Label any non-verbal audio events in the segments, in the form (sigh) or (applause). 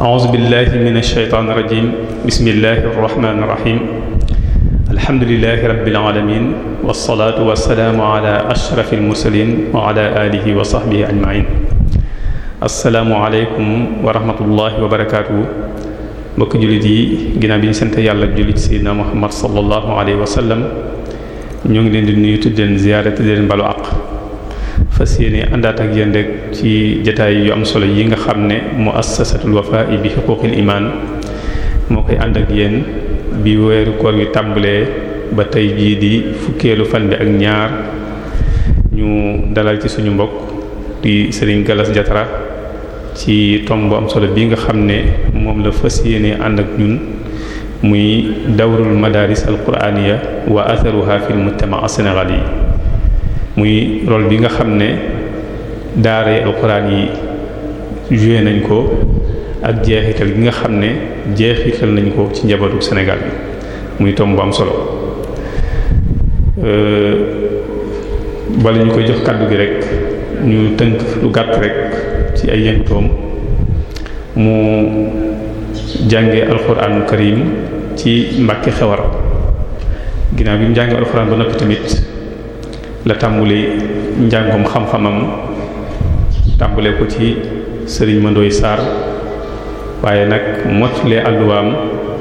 أعوذ بالله من الشيطان الرجيم بسم الله الرحمن الرحيم الحمد لله رب العالمين والصلاة والسلام على أشرف المرسلين وعلى آله وصحبه أجمعين asalaamualeykum wa rahmatullahi wa barakaatu mbokk jullit yi ginnaaw bi ñu sant yàlla jullit sayyidina muhammad sallallahu alayhi wa sallam ñoo ngi leen di nuyu tudd leen ziyaare tudd leen balu àq fas yéene àndaat ak yéen ci jataay yu am solo yi nga xam ne muassasatul wafa'i bi xuquqil iman moo koy ànd ak bi weeru koor wi tàmbalee ba tey jii di fukkeelu fan bi ak ñaar ñu dalal ci suñu mbokk di Serigne Gallas Diatara ci tomb am solo bi nga xam ne moom la fas yéene ànd ak ñun muy dawrul madaris alquraniya wa atharuha fil mujtama sénégal yi muy rol bi nga xam ne daaray alquran yi joué nañ ko ak jeexital gi nga xam ne jeexi xel nañ ko ci njabootu Sénégal bi muy tomb am solo euh, bala ñu koy jox kàddu gi rek ñu tënk lu gàtt rek ci ay yëntoom mu jànge alxuraanu karim ci mbàkki xewar ginnaaw bi mu jàngee alxuraan ba noppi tamit la tàmbuli njàngum xam-xamam tàmbule ko ci sëriñ Mandoy Sarr waaye nag mottalee àlluwaam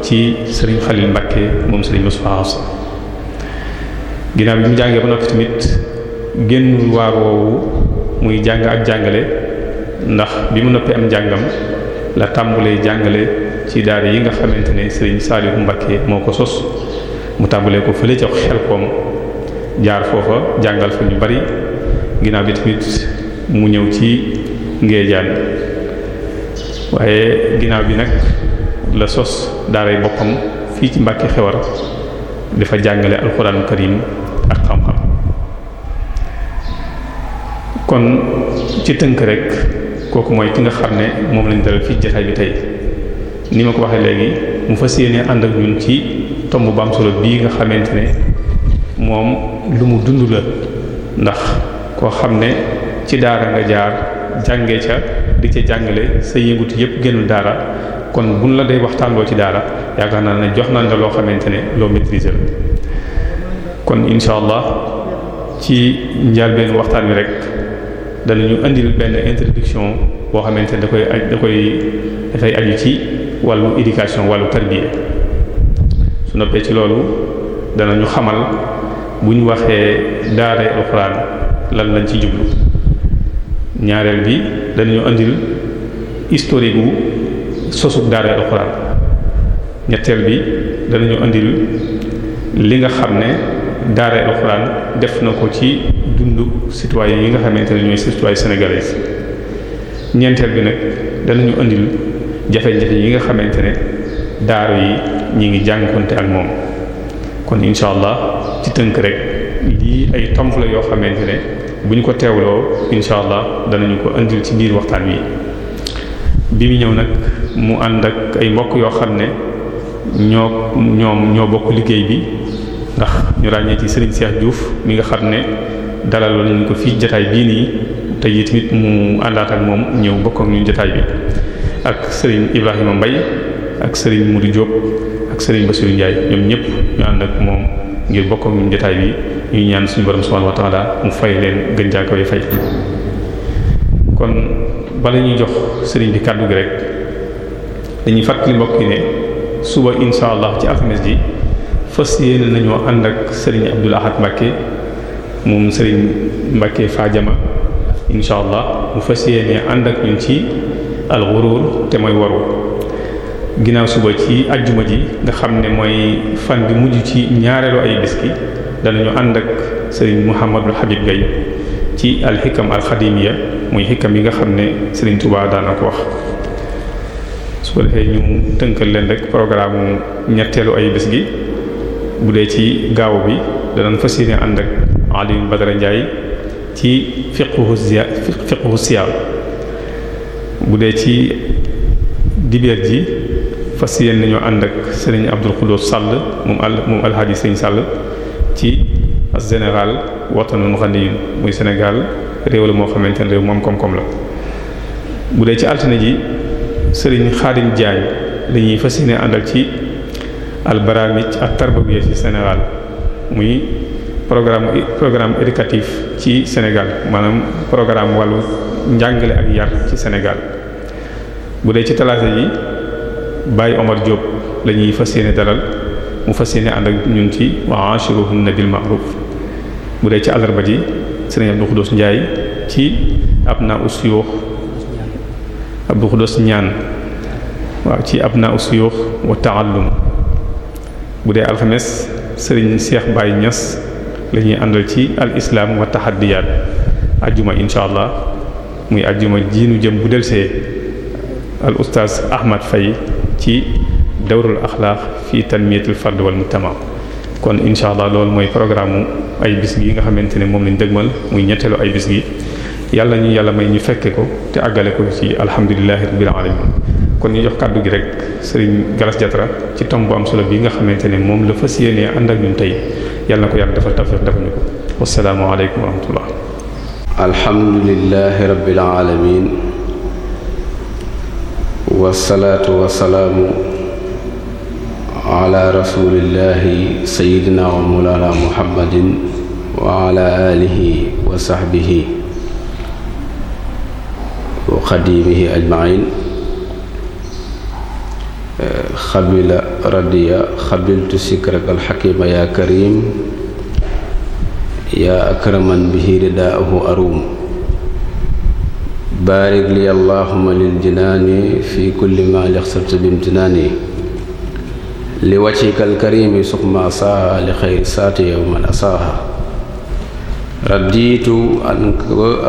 ci sëriñ Xalil Mbàkke moom sëriñ Moussa Assa ginnaaw bi mu jàngee ba noppi tamit génn waar woowu muy jàng ak jàngale ndax bi mu noppee am njàngam la tàmbulee jàngale ci daara yi nga xamante ne sëriñ Saliou Mbacké moo ko sos mu tàmbulee ko fële ca xel koom jaar foofa jàngal fa ñu bari ginnaaw bi tamit mu ñëw ci Ngéejaan waaye ginnaaw bi nag la sos daaray boppam fii ci Mbacké xewar dafa jàngale alxuraanu karim ak xam-xam kon ci tënk rekk kooku mooy ki nga xam ne moom lañ dalal fii jotaay bi tey ni ma ko waxee léegi mu fa yéene ànd ak ñun ci tomb ba solo bii nga xamante ne moom lu mu dund la ndax koo xam ne ci daara nga jaar jàngee ca di ca jàngale sa yëngutu yëpp génnul daara kon buñ la day waxtaan ci daara yaakaar naa ne jox nañ la loo xamante ne loo maîtriser la kon incha allah ci njëlbéenu waxtaan wi rek. dana ñu indil benn introduction boo xamante ne da koy da koy dafay aju ci wàllu éducation wàllu tarbiya su noppee ci loolu dana ñu xamal bu ñu waxee daaray alxuraan lan lañ ci jublu ñaareel bi danañu indil historique wu sosub daaree alxuraan ñetteel bi danañu indil li nga xam ne daara alxuraan def na ko ci dundu citoyen yi nga xamante ne ñooy citoyen sénégalais ñeenteel bi nag danañu andil jafe-jafe yi nga xamante ne daara yi ñu ngi jànkonte ak moom kon incha allah ci tënk rek lii ay tomb yoo xamante ne bu ñu ko teewloo incha allah danañu ko andil ci biir waxtaan wi bi mu ñëw nag mu ànd ak ay mbokk yoo xam ne ñoo ñoom ñoo bokk liggéey bi ndax ñu ràññee ci Serigne Cheikh Diouf mi nga xam ne dalaloon nañ ko fii jotaay bii nii te it tamit mu àndaat ak moom ñëw bokk ak ñun bi ak Serigne Ibrahima mbay ak Serigne Modou Diop ak Serigne Bassirou jaay ñoom ñëpp ñu ànd ak moom ngir bokk ak ñun jotaay bi ñuy ñaan suñu borom subhanahu wa ta'ala mu fay leen gën jàkkawee fay kon bala ñuy jox sëriñ bi kàddu gi rek dañuy fatt mbokk yi ne suba insha allah ci alxames ji. fas yéene nañoo ànd ak sëriñ Abdou Lahad Mbacke moom sëriñ Mbacke Fadiama incha allah mu fas yéene ànd ak ñun ci alxurur te mooy waru ginnaaw suba ci ajjuma ji nga xam ne mooy fan bi mujj ci ñaareelu ay bis gi danañu ànd ak sëriñ Mouhamadou Habib Gaye ci alxikam alxadimiya muy xikam yi nga xam ne sëriñ Touba daan ko wax. su ko defee ñu tënkal leen rek programme ñetteelu ay bis gi. bu dee ci gaaw bi danañ fas yéene ànd ak Alioune Badara Ndiaye ci fiqhu ziya fiqhu bu dee ci dibeer ji fas yéene nañoo ànd ak sëriñ Abdul Xudoos Sall moom al moom alxaaji sëriñ sàll ci as général waxtaanu xandi muy Sénégal réew la moo xamante ne réew moom koom-koom la bu dee ci altine ji sëriñ Xaadim Diagne la ñuy fas yéene àndal ci. al barnaamij at tarbawiya ci Sénégal muy programme programme ci Sénégal maanaam programme wàllu njàngale ak yar ci Sénégal bu dee ci talaata yi Baye Omar Diop la ñuy fas yéene dalal mu fas yéene ànd ak ñun ci wa'ashiruhunna bil ma'ruf bu dee ci àllarba ji Serigne Abdou Khoudoss Ndiaye ci abna usuyux Abdou Khoudoss ñaan waaw ci abna usuyux wa ta'allum bu dee alxames sëriñ Cheikh Baye ñas lañuy àndal ci al islam wa taxaddiyaat ajjuma incha allah muy ajjuma jiinu jëm bu delsee al ustaz Ahmad fay ci dawrul axlaaq fii tanmiyatul fard wal mujtama kon incha allah loolu mooy programme ay bis gi nga xamante ne moom lañ dëgmal muy ñetteelu ay bis gi yàlla ñu yàlla may ñu fekke ko te àggale ko ci alhamdulillahi rabbil alamin kon ñu jox kàddu gi rek sëriñ Galas Jatra ci tomb am solo bi nga xamante ne moom la fas yéenee ànd ak ñun tey yàlla na ko yàlla defal tawfiq defal ko wassalaamu aleykum wa rahmatullah alhamdulillahi rabbil wa mawlana muhammadin wa ala wa sahbihi wa xadimihi ajmain xabila radiya xabiltu sikrak alxakima yaa karim yaa akraman bihi ridaahu arum baarik li allahuma lil jinaani fi kulli ma lixsabta bimtinaani li wajhika alkarimi sukma saaha li xayri saati yowman asaaha radiitu an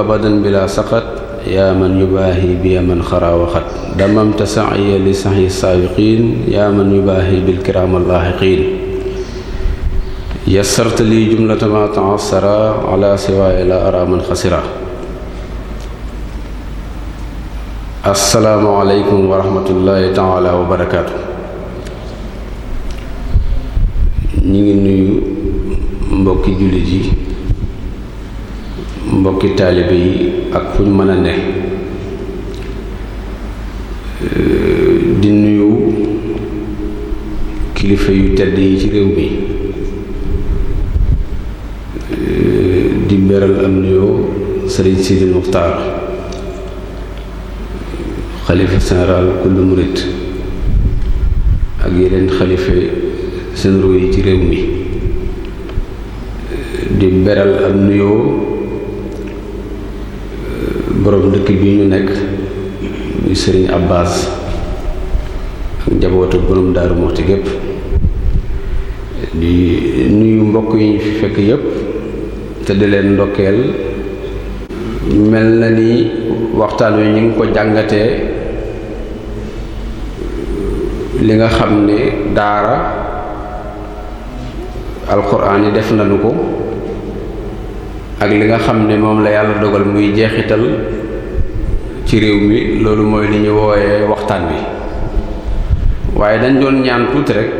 abadan bila saqat yaa man yubaahi bi yaman xaraa waxat damamta saaya li saxi saabiqiin yaa man yubaahi bil kiraam allaaxiqiin yassarta lii jumlata ma taassara ala siwaaya la ara man xasira assalaamu aleykum wa rahmatullahi taala wa barakaatu ñu ngi nuyu mbokki jullit yi mbokki taalibe yi ak fu ñu mën a ne di nuyu kilifa yu tedd yi ci réew mi di beral am nuyoo sëriñ Sidi Muxtaar xalifa général kullu murit ak yeneen xalifa généraux yi ci réew mi di beral am nuyoo borom dëkk bi ñu nekk muy sëriñ Abbas ak njabootu borom Daaru moxti gépp di nuyu mbokk yi ñu fi fekk yépp te di leen ndokkeel mel na ni waxtaan wi ñu ngi ko jàngatee li nga xam ne daara alxuraan yi def nañu ko ak li nga xam ne moom la yàlla dogal muy jeexital ci réew mi loolu mooy li ñuy wooyee waxtaan wi waaye dañ doon ñaan tuuti rek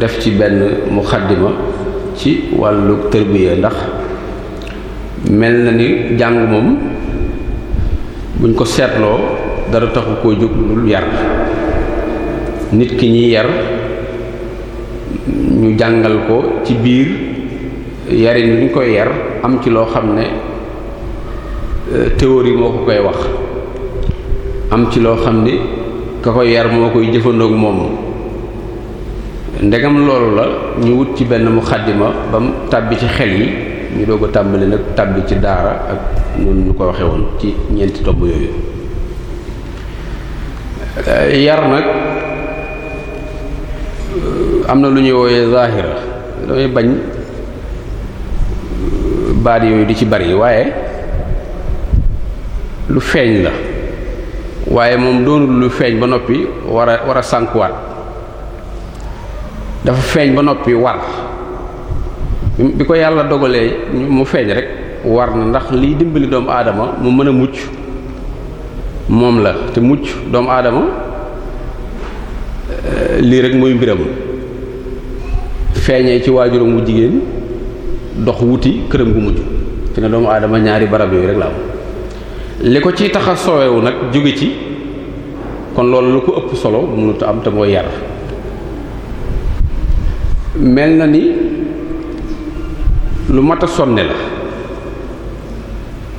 def ci benn mu xàddima ci wàllu tërbiya ndax mel na ni jàng moom buñ ko seetloo dara taxu koo jóg dul yar nit ki ñuy yar ñu jàngal ko ci biir yarin ñu koy yar am ci loo xam ne théorie moo ko koy wax am ci loo xam ni ka koy yar moo koy jëfandoog moom ndegam loolu la ñu wut ci benn muxaddima ba mu tàbbi ci xel yi ñu doog a tàmbali nag tàbbi ci daara ak noonu ñu ko waxe woon ci ñeenti tomb yooyu yar nag am na lu ñuy wooyee zahira damay bañ baat yooyu di ci bari waaye lu feeñ la waaye moom doonul lu feeñ ba noppi war a war a sànkuwaat dafa feeñ ba noppi war bi ko yàlla dogalee mu feeñ rek war na ndax liy dimbali doomu aadama mu mën a mucc moom la te mucc doomu aadama euh, lii rek mooy mbiram feeñee ci waajuram wu jigéen dox wuti këram gu mujj fi ne doomu aadama ñaari barab yooyu rek la am li ko ci tax soowewu nag jóge ci kon loolu lu ko ëpp solo mënut am te mooy yar mel na ni lu mat a sonne la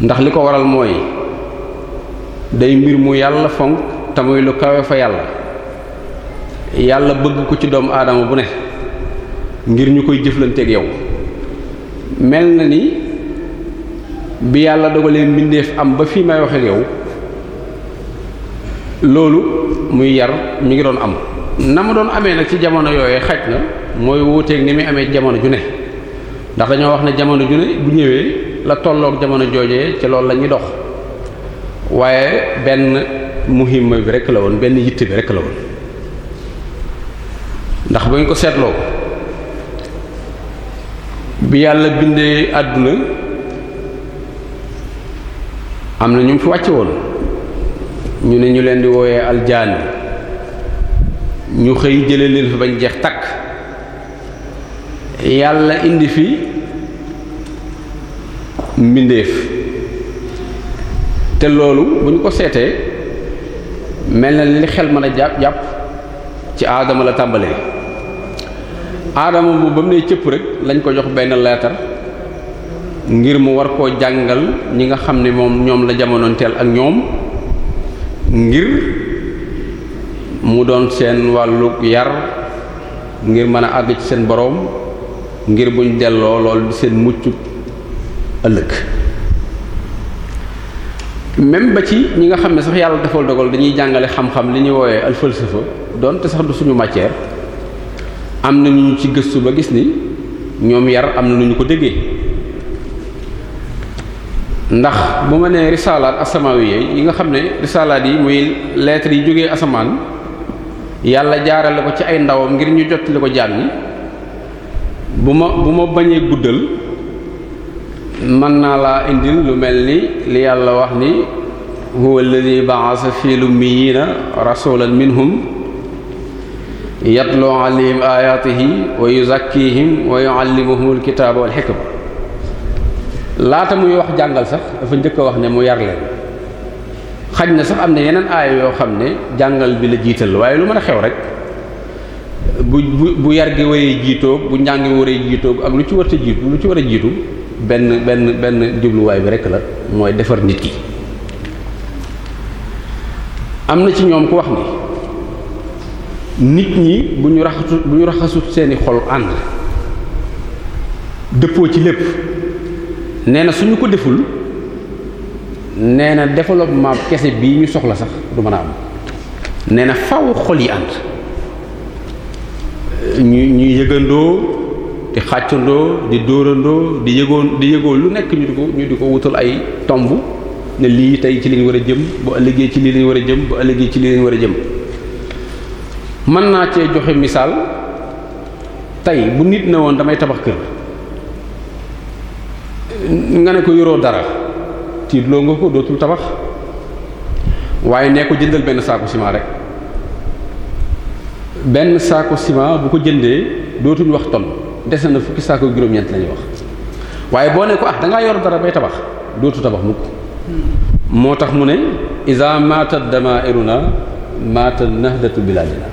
ndax li ko waral mooy day mbir mu yàlla fonk te muy lu kawe fa yàlla yàlla bëgg ko ci doomu aadama bu ne ngir ñu koy jëflanteeg yow mel na ni bi yàlla dogalee mbindeef am ba fii may wax yow loolu muy yar mu ngi doon am na mu doon amee nag ci jamono yooyee xaj na mooy wuuteeg ni muy amee jamono ju ne ndax dañoo wax ne jamono ju ne bu ñëwee la tolloog jamono jooje ci loolu lañuy dox waaye benn muhimma bi rekk la woon benn yitte bi rek la woon ndax ba ñu ko seetloo bi yàlla bindee àdduna am na ñu fi wàcce woon ñu ne ñu leen di wooyee aljaali ñu xëy jëlee leen fi bañ jeex tàkk yàlla indi fi mbindeef te loolu bu ñu ko seetee mel na li xel mën a jàpp jàpp ci aadama la tàmbalee aadama bu ba mu ne cëpp rek lañ ko jox benn leetar ngir mu war koo jàngal ñi nga xam ne moom ñoom la jamono jamonoonteel ak ñoom ngir mu doon seen wàllug yar ngir mën a àgg ci seen boroom ngir buñ delloo lool di seen mucc ëllëg même ba ci ñi nga xam ne sax yàlla defal dogal dañuy jàngale xam-xam li ñuy wooyee al falsafa donte sax du suñu matière am na ñu ci gëstu ba gis ni ñoom yar am na nu ñu ko déggee ndax bu ma nee risaalaat asamawiya yi nga xam ne risaalaat yi muy lettres yi jóge asamaan yàlla jaarale ko ci ay ndawam ngir ñu jottali ko jaam yi bu ma bu ma bañee guddal mën naa laa indil lu mel ni li yàlla wax ni huwa alladhi ba'atha fil ummiyina rasulan minhum yatlu alayhim ayatihi wa yuzakkihim wa yuallimuhum alkitaba wal hikma laata muy wax jàngal sax dafa njëkk a wax ne mu yar leen xaj na sax am na yeneen aaya yoo xam ne jàngal bi la jiital waaye lu mën a xew rek bu bu bu yar gi waree jiitoog bu njàng gi waree jiitoog ak lu ci war a jiitu ci war a jiitu benn benn benn jubluwaay bi rekk la mooy defar nit ki am na ci ñoom ku wax ni nit ñi bu ñu raxasu bu ñu raxasut seeni xol ànd dëppoo ci lépp nee na suñu ko deful nee na développement kese bii ñu soxla sax du mën a am nee na faw xol yi ànd ñu ñuy yëgandoo di xàccandoo di dóorandoo di yëgoon di yëgoo lu nekk ñu di ko ñu di ko wutal ay tomb ne lii tey ci lañ war a jëm bu ëllëgee ci lii lañ war a jëm bu ëllëgee ci lii lañ war a jëm mën naa cee joxe misaal tey bu nit ne woon damay tabax kër nga ne ko yoroo dara tiidloo nga ko dootul tabax waaye nee ko jëndal benn saako sima rek benn saako sima bu ko jëndee dootuñ wax ton dese na fukki saako juróom-ñeent la wax waaye boo ne ko ah da ngaa yor dara bay tabax dootu tabax mukk moo tax mu ne isa mata damairuna mata nahdatu biladina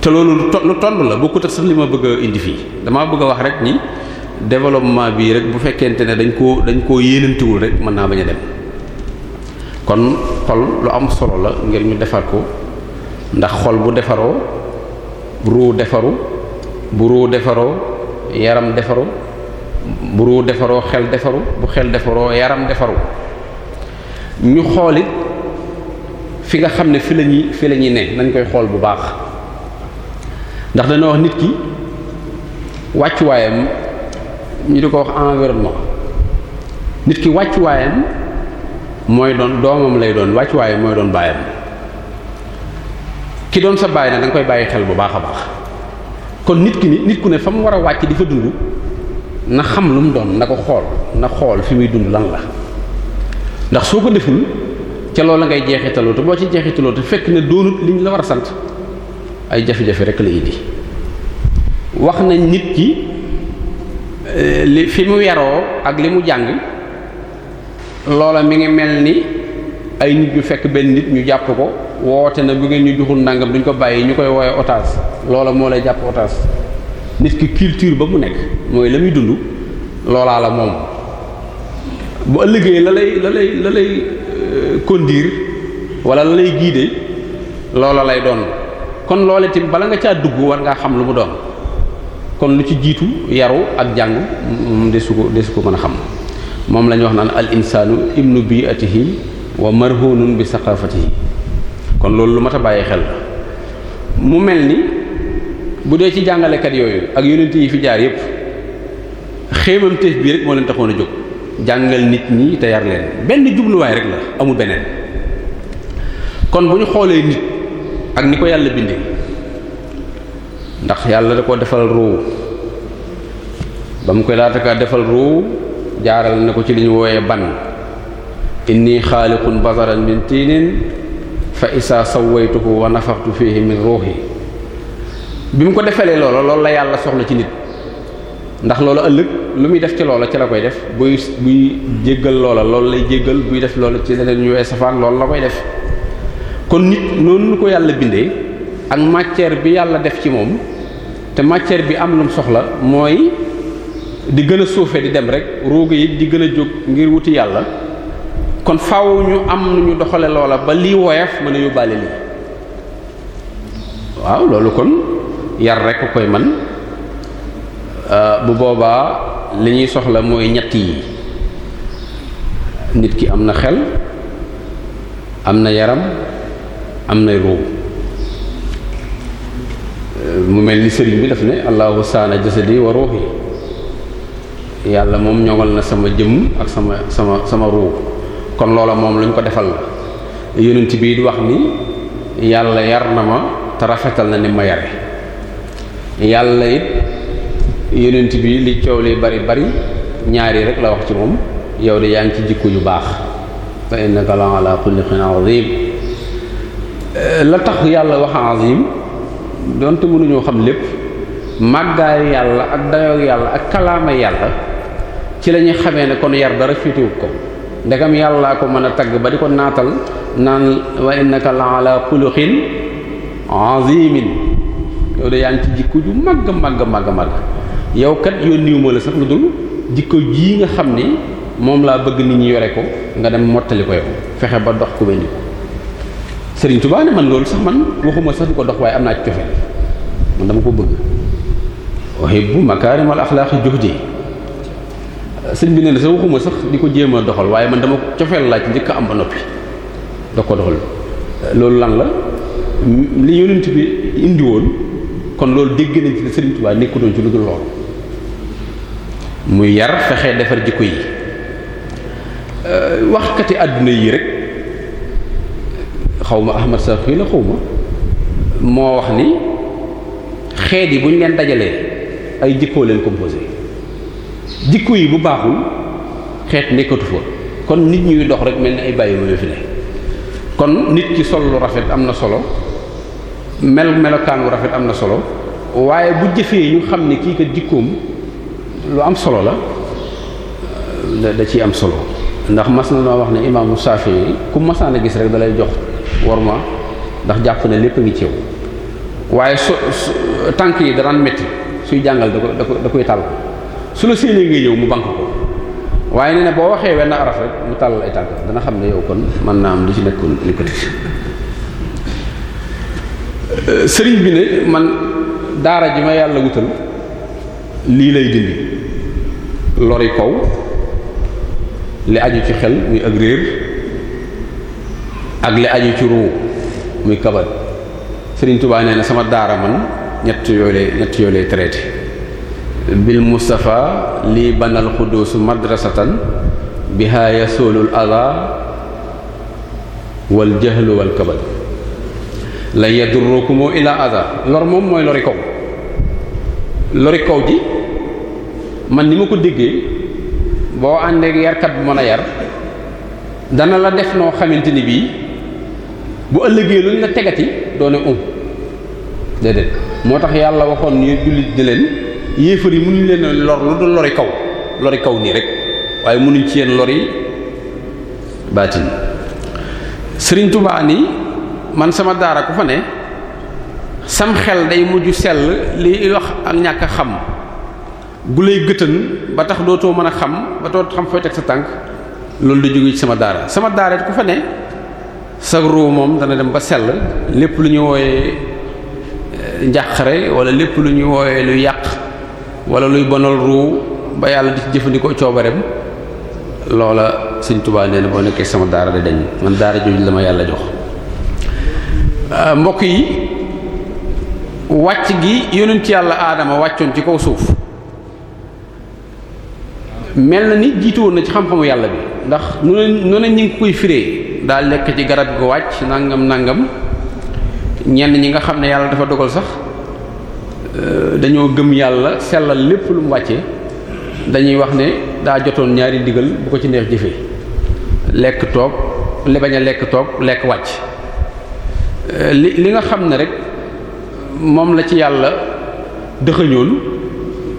te loolu lu toll la bokkut ak sax li ma bëgg indi fii damaa bëgg a wax rek ni développement bii rek bu fekkente ne dañ koo dañ koo yéenantiwul rek mën naa bañ a dem kon xol lu am solo la ngir ñu defar ko ndax xol bu defaroo ruu defaru bu ruu defaroo yaram defaru bu defaroo xel defaru bu xel defaroo yaram defaru ñu xoolit fi nga xam ne fi lañuy ñuy fi la ñuy ne nañ koy xool bu baax ndax dana wax nit ki wàccuwaayam ñu di ko wax environnement nit ki wàccuwaayam mooy doon doomam lay doon wàccuwaayam mooy doon baayam ki doon sa baay nag danga koy bàyyi xel bu baax a baax kon nit ki nit ku ne fa mu war a wàcc di fa dund na xam lu mu doon na ko xool na xool fi muy dund lan la ndax soo ko deful ca loolu la ngay jeexitaloo te boo ci jeexitaloo te fekk ne doonut liñ la war a sant ay jafe-jafe rek la indi wax nañ nit ki Euh, li fi mu yaroo ak li mu jàng loola mi ngi mel ni ay nit ñu fekk benn nit ñu jàpp ko woote na bu ngeen ñu joxul nangam duñ ko bàyyi ñu koy woowe otage loola moo lay jàpp otage nit ki culture ba mu nekk mooy la muy dund loolaa la moom bu ëllëgee la lay la lay la lay euh, conduire wala la lay guider loola lay doon kon loolee tamit bala nga caa dugg war ngaa xam lu mu doon kon lu ci jiitu yaru ak jàng desu ko ko mën a xam moom la ñu wax naan al insaanu ibnu bi'atihi wa marhunun bi saqafatihi kon loolu lu mat a bàyyi xel mu mel ni bu dee ci jàngalekat yooyu ak yonent yi fi jaar yépp xéemamteef bii rek moo leen taxoon a jóg jàngal nit ñi te yar leen benn jubluwaay rek la amul beneen kon bu ñu xoolee nit ak ni ko yàlla bindee ndax yàlla da ko defal ruu ba mu koy laata ka defal ruu jaaral na ko ci li ñu wooyee ban inni xaaliqun basaran min tiinin fa isaa sawaytuhu wa nafaxtu fihi min ruuxi bi mu ko defalee loola loolu la yàlla soxla ci nit ndax loola ëllëg lu muy def ci loola ci la koy def buy buy jéggal loola loolu lay jéggal buy def loola ci leneen ñu wee safaan loolu la koy def kon nit noonu ko yàlla bindee ak matière bi yàlla def ci moom te matière bi am lu soxla mooy di gën a suufe di dem rek ruuga yi di gën a jóg ngir wuti yàlla kon faaw ñu am nu ñu doxale loola ba lii woyaf mën a yóbbaale lii waaw loolu kon yar rek koy man euh, bu boobaa li ñuy soxla mooy ñett yi nit ki am na xel am na yaram am na ruug mu mel ni sëriñ bi daf ne allahu saana jasadi wa ruuxi yàlla moom ñoŋal na sama jëmm ak sama sama sama ruux kon loola moom lañ ko defal la yonent bii di wax ni yàlla yar na ma te rafetal na ni ma yare yàlla it yonent bi li coow li bari bari ñaari rek la wax ci moom yow de yaa ngi ci jikko yu baax fa innaka la ala kulli xin la tax yàlla wax azim donte mënuñoo xam lépp màggaay yàlla ak dayoog yàlla ak kalaama yàlla ci lañuy ñuy xamee ne kon yar dara féetewu ko ndegam yàllaa ko mën a tagg ba di ko naatal naan wa innaka la ala xuluqin azimin yow de yaa ngi ci jikko ju màgg màgg màgg màgg yow kat yónniwuma la sax lu jikko jii nga xam ni moom laa bëgg nit ñi yore ko nga dem mottali ko yow fexe ba dox ku mel ko Serigne Touba ne man loolu sax man waxuma sax di ko dox waaye am naa ci cofe man dama ko bëgg uhibbu makaarimal axlaaqi juhdi sëñ bi nee na sax waxuma sax di ko jéem a doxal waaye man dama cofeel laa ci njëkk am ba noppi da ko doxal loolu lan la li yonent bi indi woon kon loolu dégg nañ ci ne Serigne Touba nekkutoon ci lu dul loolu muy yar fexe defar jikko yi waxkati àdduna yi rek xaw ma Ahmad Sarki la xaw moo wax ni xeet yi bu ñu leen dajalee ay jikkoo leen composé jikko yi bu baaxul xeet nekkatu fa kon nit ñuy dox rek mel ni ay bàyyi ma fi kon nit ci sol lu rafet am na solo mel melokaan wu rafet am na solo waaye bu jëfee ñu xam ne kii kat jikkoom lu am solo la da da ciy am solo ndax mas na noo wax ne imaamu Saafi ku masaana gis rek dalay jox worma ndax jàpp ne lépp a ngi ci yow waaye su tànk yi da daan suy jàngal da ko da ko da koy tàll su la séenee nga yow mu bank ko waaye nee na boo waxee wenn araf rek mu tàllal ay tànk dana xam ne yow kon mën naa am lu ci nekkoon li ko euh, sëriñ bi ne man daara ji ma yàlla wutal lii lay dindi lori kaw li aju ci xel muy ak réer ak li aju ci ruu muy kabal Serigne Touba na sama daara man ñett yooyu lay ñett bil Mustafa lii banal xuduusu madrasatan biha yasulul ada wal jahlu wal kabal la yadurrukum ila ada lor moom mooy lori kaw lori kaw ji man ni ma ko déggee boo àndeek yarkat bu mën a yar dana la def noo xamante ni bii bu ëllëgee luñ la tegati doo ne um déedéet moo tax yàlla waxoon ni jullit di leen yéefar yi mënuñ leen lor lu dul lori kaw lori kaw nii rek waaye mënuñ ci yeen lori baatin sëriñ Tuubaa ni man sama daara ku fa ne sam xel day mujj sell li wax ak ñàkk a xam gu lay gëtën ba tax dootoo mën a xam ba too xam fooy teg sa tànk loolu da jóge ci sama daara sama daara ku fa ne sag ruu moom dana dem ba sell lépp lu ñu wooyee eh, njàqare wala lépp lu ñuy wooyee luy yàq wala luy bonal ruu ba yàlla di ci jëfandikoo coobareem loola sëñ Tuubaa nee na boo nekkee sama daara di dañ man daara jooju la yàlla jox ah, mbokk yi wàcc gi ci yàlla aadama wàccoon ci kaw suuf mel na ni jiituwoon na ci xam-xamu yàlla bi ndax nu ne nu ne ñu ngi koy firee daa lekk ci garab gu wàcc nangam nangam ñenn ñi nga xam ne yàlla dafa dogal sax euh, dañoo gëm yàlla sellal lépp lu mu wàccee dañuy wax ne daa jotoon ñaari ndigal bu ko ci neex jëfee lekk toog li bañ lekk toog lekk wàcc euh, li li nga xam ne rek moom la ci yàlla dëxëñoon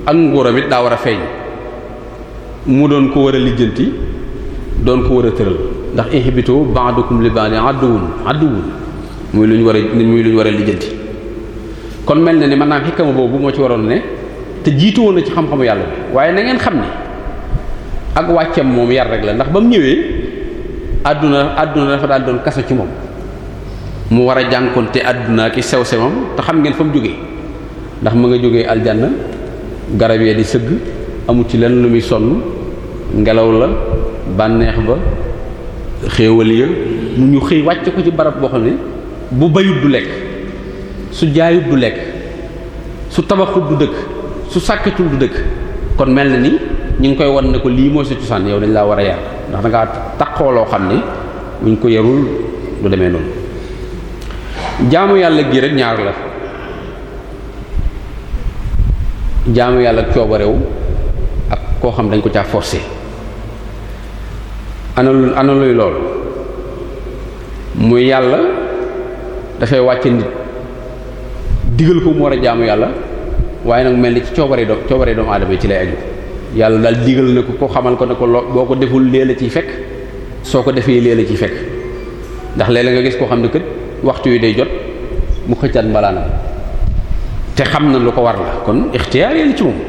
ak nguuram it daa war a feeñ mu doon ko war a lijjanti doon ko war a tëral ndax ihbitu ba'dukum li ba'din aduwwun aduwwun muy lu ñu war a muy lu ñu war a lijjanti kon mel na ni man naa xikama boobu moo ci waroon ne te jiitu woon ci xam-xamu yàlla bi waaye na ngeen xam ne ak wàccam moom yar rek la ndax ba mu ñëwee àdduna àdduna dafa daal doon kaso ci moom mu war a jànkoon jànkonte àdduna ki sew sewam te xam ngeen fa mu jóge ndax ma nga jógee aljanna garab yee di sëgg amu ci lenn lu muy sonn ngelaw la bànneex ba xéewal ya mu ñu xëy wàcc ko ci barab boo xam ne bu bayut du lekk su jaayut du lekk su tabaxut du dëkk su sàkkatul du dëkk kon mel na ni ñu ngi koy wan ne ko lii mooy sa cosaan yow dañ laa war a yar ndax da ngaa taqoo loo xam ne buñ ko yarul du demee noonu jaamu yàlla gi ñaar la jaamu yàlla coobarew ak koo xam dañ ko caa forcé ana ana luy loolu muy yàlla dafay wàcce nit digal ko mu war a jaamu yàlla waaye nag mel ni ci coobare doom coobare doomu aadama yi ci lay aju yàlla daal digal na ko ko xamal ko ne ko loo boo ko deful lee la ciy fekk soo ko defee lee la ciy fekk ndax léeg la nga gis koo xam ne kët waxtu wi day jot mu xëccaat mbalaanam te xam na lu ko war la kon ixtiyaar yi ci moom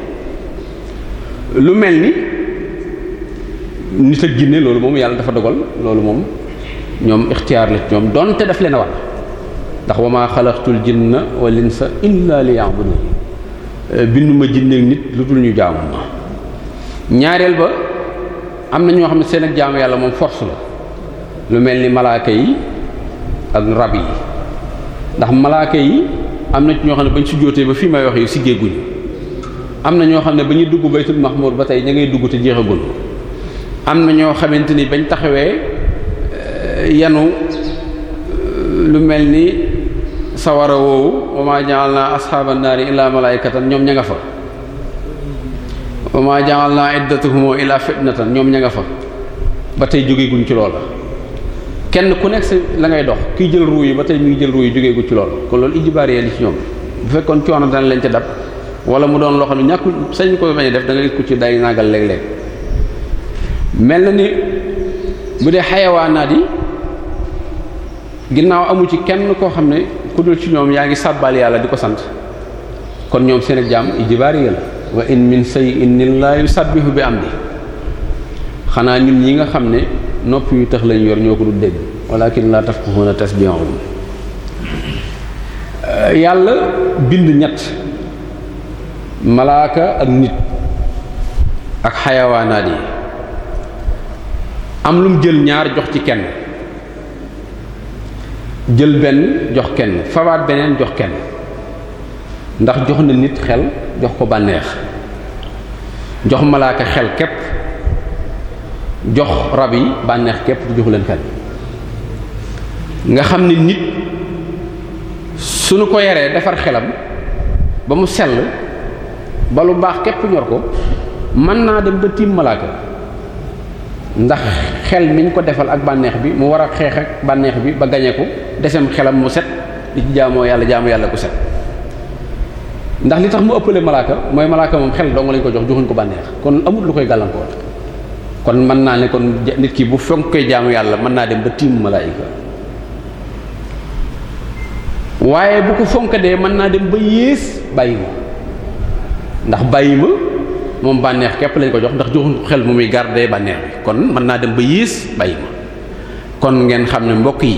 lu mel ni nit ak jinne loolu moom yàlla dafa dogal loolu moom ñoom ixtiyaar la ci ñoom donte daf leen a war ndax wa maa xalaqtul jinna wal insa illa liya'budun euh, binduma jinne nit lu dul ñu jaamu ma ñaareel ba am na ñoo xam ne seen ak jaamu yàlla moom force la lu mel ni malaaka yi ak rab yi ndax malaaka yi am na ci ñoo xam ne bañ si jootee ba fi may wax yu si géeguñu am na ñoo xam ne ba ñu dugg baytul mahmur ba tey ña ngay dugg te jeex jeexagul am na ñoo xamante ni bañ taxawee eh, yanu eh, lu mel ni sawara woowu wa ma ja'alna ashaban naari illa malaikatan ñoom ña nga fa wa ma ja'alna iddatuhum illa fitnatan ñoom ña nga fa ba tey jógeeguñ ci lool kenn ku nekk si la ngay dox kiy jël ruu yi ba tey mi ngi jël ruu yi jógeegu ci loola kon loolu ijibaar yi li ci ñoom bu fekkoon coono dana leen ca dab wala mu doon loo xam ne ñàkkul sañ ko bañ a def da nga ku ci day naagal léeg-léeg mel na ni bu dee xayawaanaat yi ginnaaw amu ci kenn koo xam ne ku dul ci ñoom yaa ngi sàbbal yàlla di ko sant kon ñoom seen jaam ijibaari la wa in min shay'in illa yusabbihu bi amdi xanaa ñun ñi nga xam ne nopp yu tax lañu yor ñoo ko dul dégg walakin la tafqahuna tasbihahum yàlla bind ñett malaaka ak nit ak xayawaanaat yi am lum jël ñaar jox ci kenn jël benn jox kenn fabaat beneen jox kenn ndax jox na nit xel jox ko bànneex jox malaaka xel képp jox rab yi bànneex képp du jox leen nga xam ne nit su suñu ko yaree defar xelam ba mu sell ba lu baax képp ñor ko mën naa dem ba tiim malaaka ndax xel miñ ko defal ak bànneex bi mu war a xeex ak bànneex bi ba gañe ko desem xelam mu set di ci jaamoo yàlla jaamu yàlla ku set ndax li tax mu ëppale malaaka mooy malaaka moom xel dong lañ ko jox joxuñ ko bànneex kon amul lu koy gàllankoor kon mën naa ne kon nit ki bu fonk koy jaamu yàlla mën naa dem ba tiimu malaayika waaye bu ko fonkadee mën naa dem ba yées bàyyi ma ndax bàyyi ma moom bànneex képp lañ ko jox ndax joxuñ ko xel mu muy garde bànneex bi kon mën naa dem ba yées bàyyi ma kon ngeen xam ne mbokk yi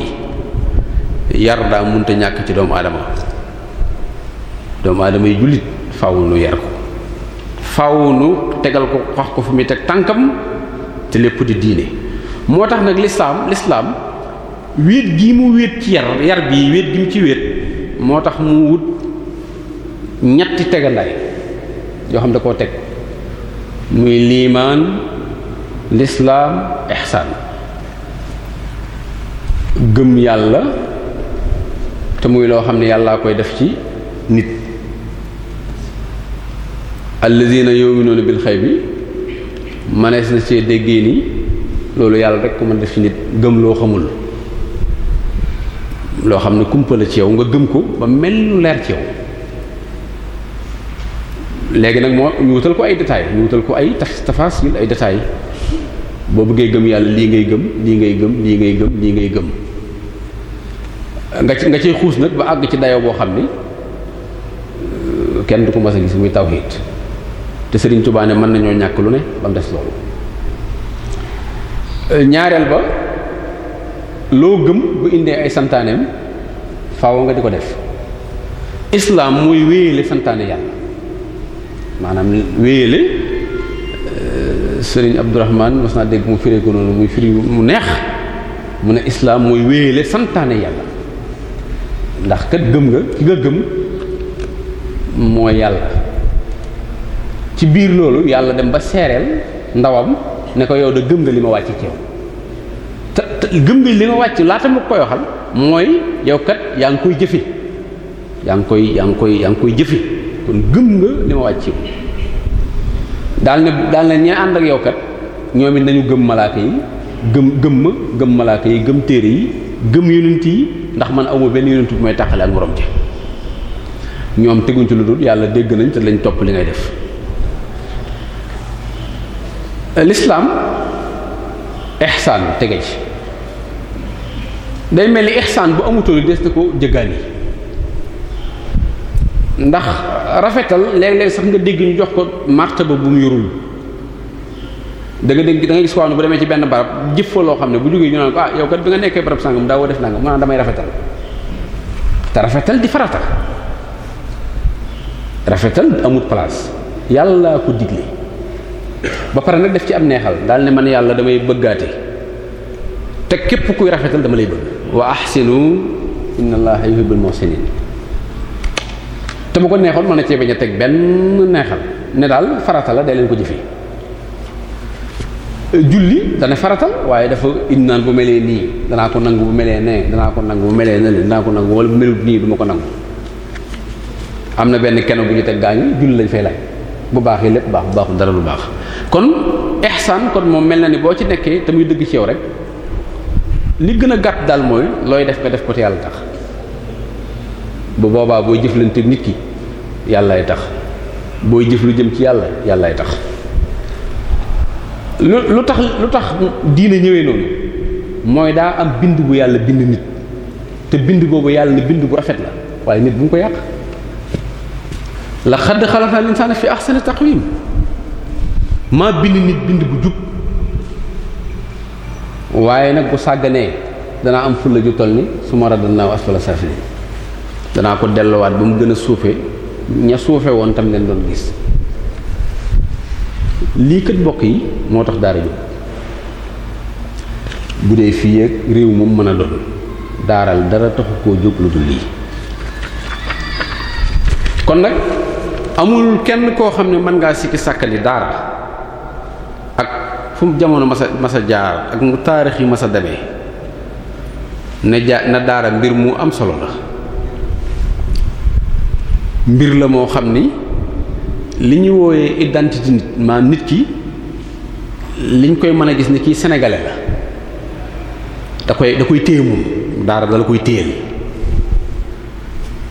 yar daa munta ñàkk ci doomu aadama doomu aadama yi jullit faw nu yar ko faw nu tegal ko wax ko fu muy teg tànkam te lépp di diine moo tax nag lislaam lislaam wéet gi mu wéet ci yar yar bii wéet gi mu ci wéet moo tax mu wut ñetti tegandaay yoo xam da koo teg muy liimaan lislaam ihsaan gëm yàlla te muy loo xam ne yàllaa koy def ci nit alladina yu'minuna bil xaybi manees na cee déggee ni loolu yàlla rek ku mën def ci nit gëm loo xamul loo xam ne kumpa la ci yow nga gëm ko ba mel lu leer ci yow léegi nag moo ñu wutal ko ay détails ñu wutal ko ay tafasil ay détails boo bëggee gëm yàlla lii ngay gëm lii ngay gëm lii ngay gëm lii ngay gëm nga ci nga ciy xuus nag ba àgg ci dayo boo xam ni euh, kenn du ko mas a gis muy tawhid te Serigne tubaane mën nañoo ñàkk lu ne ba mu des loolu euh, ñaareel ba loo gëm bu indee ay santaaneem faaw nga di ko def islam muy wéyale santaane yàlla maanaam wéyale euh, sëriñ Abdourahman mas naa dégg mu firee muy firi mu neex mu ne islaam mooy wéyale santaane yàlla ndax kat gëm nga ki nga gëm mooy yàlla ci biir loolu yàlla dem ba seereel ndawam ne ko yow da gëm nga li ma wàcc ci yow te te gëm nga li ma wàcc laata ma koy waxal mooy yow kat yaa ngi koy jëfe yaa ngi koy yaa ngi koy yaa kon gëm nga li ma wàcc daal ne daal ne ñee ànd ak yow kat ñoom it nañu gëm malaaka yi gëm gëm ma gëm malaaka yi gëm téere yi gëm yonent yi ndax man awma benn yonent bu may tàqale ak borom ci ñoom teguñ ci lu dul yàlla dégg nañ te lañu topp li ngay def l'islam ihsaan tege ci day mel ni ihsaan bu amutoon des na ko jëggaan yi ndax rafetal léeg-léeg sax nga dégg ñu jox ko martaba bu mu yorul dégg da nga gis ko xam ne bu demee ci benn barab jëf fa loo xam ne bu jógee ñu naan ko ah yow kat bi nga nekkee barab sangam daa woo def nangam maanaam damay rafetal te rafetal di farata rafetal amut place yàlla ko digle ba pare nag def ci am neexal daal ne man yàlla damay bëggaate te képp kuy rafetal dama lay bëgg wa ahsinu inna allaha moo muhsinin te bu ko neexoon mën na cee bañ a teg benn neexal ne daal farata la day leen ko jëfee julli dana faratal waaye dafa indi naan bu melee nii danaa ko nangu bu melee ne danaa ko nangu bu melee ne danaa ko nangu wala bu melut nii du ma ko nangu am na benn keno bu ñu teg gaañu julli lañ fay laaj bu baax yi lépp baax bu baaxul dara lu baax kon ihsan kon moom mel na ni boo ci nekkee te muy dëgg ci rek li gën a gàtt daal mooy looy def def ko te boobaa booy jëflante nit ki yàllaay tax booy jëf lu jëm ci yàlla yàllaay tax lu lu tax lu tax diine ñëwee noonu mooy daa am bind bu yàlla bind nit te bind boobu yàlla ne bind bu rafet la waaye nit bu mu ko yàq la xadd xalaqa al-insaana fi ahsani taqwiim maa bind nit bind bu jub waaye nag bu sàgganee danaa am fulla ju toll ni su ma radannaaw asfala saafiliin danaa ko delluwaat ba mu gën a suufee ña suufe woon tam leen doon gis lii kat mbokk yi moo tax daara jóg bu dee fii ak réew moom mën a doon daaral dara taxu koo jóg lu dul lii kon nag amul kenn koo xam ne mën ngaa sikki sàkkali daara ak fu mu jamono masa masa jaar ak mu taarix yi masa deme na ja na daara mbir mu am solo la mbir la moo xam ni li ñuy wooyee identité nit maanaam nit ki liñ koy mën a gis ni kii senegale la da koy da koy téye moom daara dala koy téyel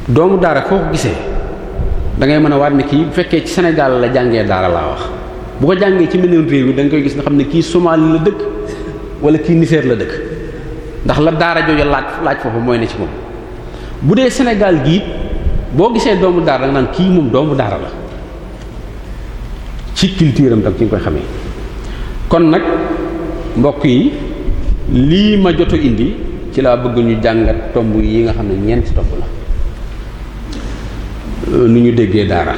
doomu daara foo ko gisee da ngay mën a waat ne kii bu fekkee ci Sénégal la jàngee daara laa wax bu ko jàngee ci meneen réew yi da koy gis nga xam ne kii Somalie la dëkk wala kii Niger la dëkk ndax la daara jooju laaj laaj foofu mooy ne ci moom bu dee Sénégal gi boo gisee doomu daara da nga kii moom doomu daara la ci culture am tam ci nga koy xamee kon nag mbokk yi lii ma joto indi ci laa bëgg ñu jàngat tomb yi nga xam ne ñeenti tomb la euh, nu ñu déggee daara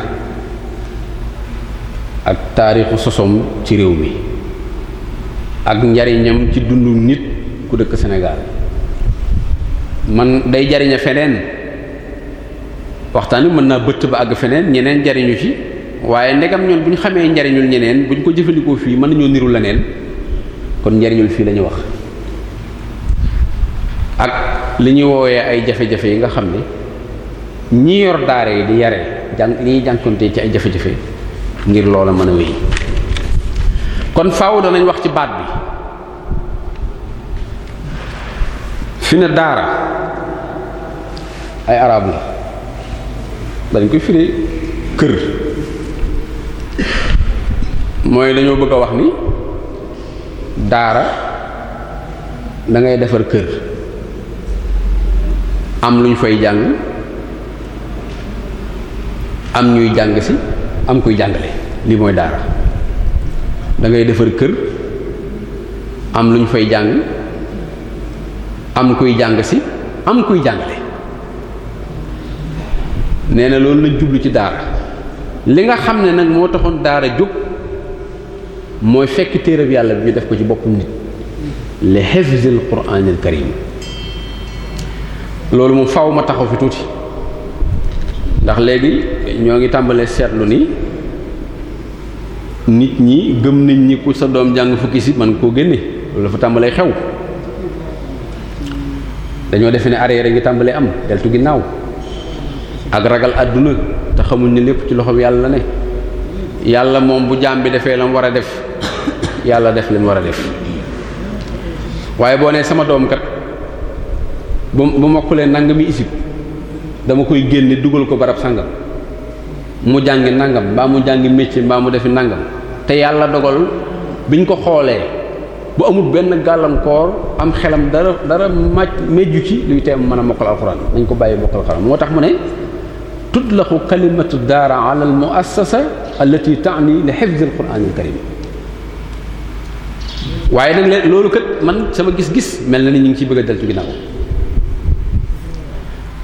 ak taarixu sosom ci réew mi ak njariñam ci dundu nit ku dëkk Sénégal man day jariña feneen waxtaan wi mën naa bëtt ba àgg feneen ñeneen jariñu ci waaye ndegam ñoon bu ñu xamee njariñul ñeneen bu ñu ko jëfandikoo fii mën nañoo niru leneen kon njariñul fii la wax ak li ñuy woowee ay jafe-jafe yi nga xam ne ñi yor daara yi di yare jàng li ñuy ci ay jafe-jafe ngir loola mën a wéy kon faaw danañ wax ci baat bi fi ne daara ay arab la dañ koy firee kër mooy dañoo bëgg a wax ni daara dangay defar kër am lu ñu fay jàng am ñuy jàng si am kuy jàngale lii mooy daara da defar kër am lu ñu fay jàng am kuy jàng si am kuy jàngale nee na loolu lañ jublu ci daara li nga xam ne nag moo taxoon daara jóg mooy fekk téereb yàlla bi ñu def ko ci boppum nit li hifzil qur'anil karim loolu mu faw ma taxaw fi tuuti ndax léegi ñoo ngi tàmbalee seetlu ni nit ñi gëm nañ ñi ku sa doom jàng fukki si man koo génne loolu fa tàmbalee xew dañoo defe ne arrière ngi tàmbalee am deltu ginnaaw ak ragal àdduna te xamuñ ne lépp ci loxoom yàlla ne yàlla moom bu jaam bi defee la mu war a def yàlla def li mu war a def waaye boo nee sama doom kat bu bu mokkulee nangami isib dama koy génne dugal ko barab sangam mu jàngi nangam mbaa mu jàngi métier mbaa mu defi nangam te yàlla dogal biñ ko xoolee bu amul benn gàllankoor am xelam dara dara màcc méjju ci luy teem mën a mokkal alxuraan dañ ko bàyyi mokkal alxuraan moo tax mu ne tutlaqu kalimatu daara ala al muassasa allati taani li xifdi al quran al karim waaye nag leen loolu kat man sama gis-gis mel na ni ñu ngi ciy bëgg a deltu ginnaaw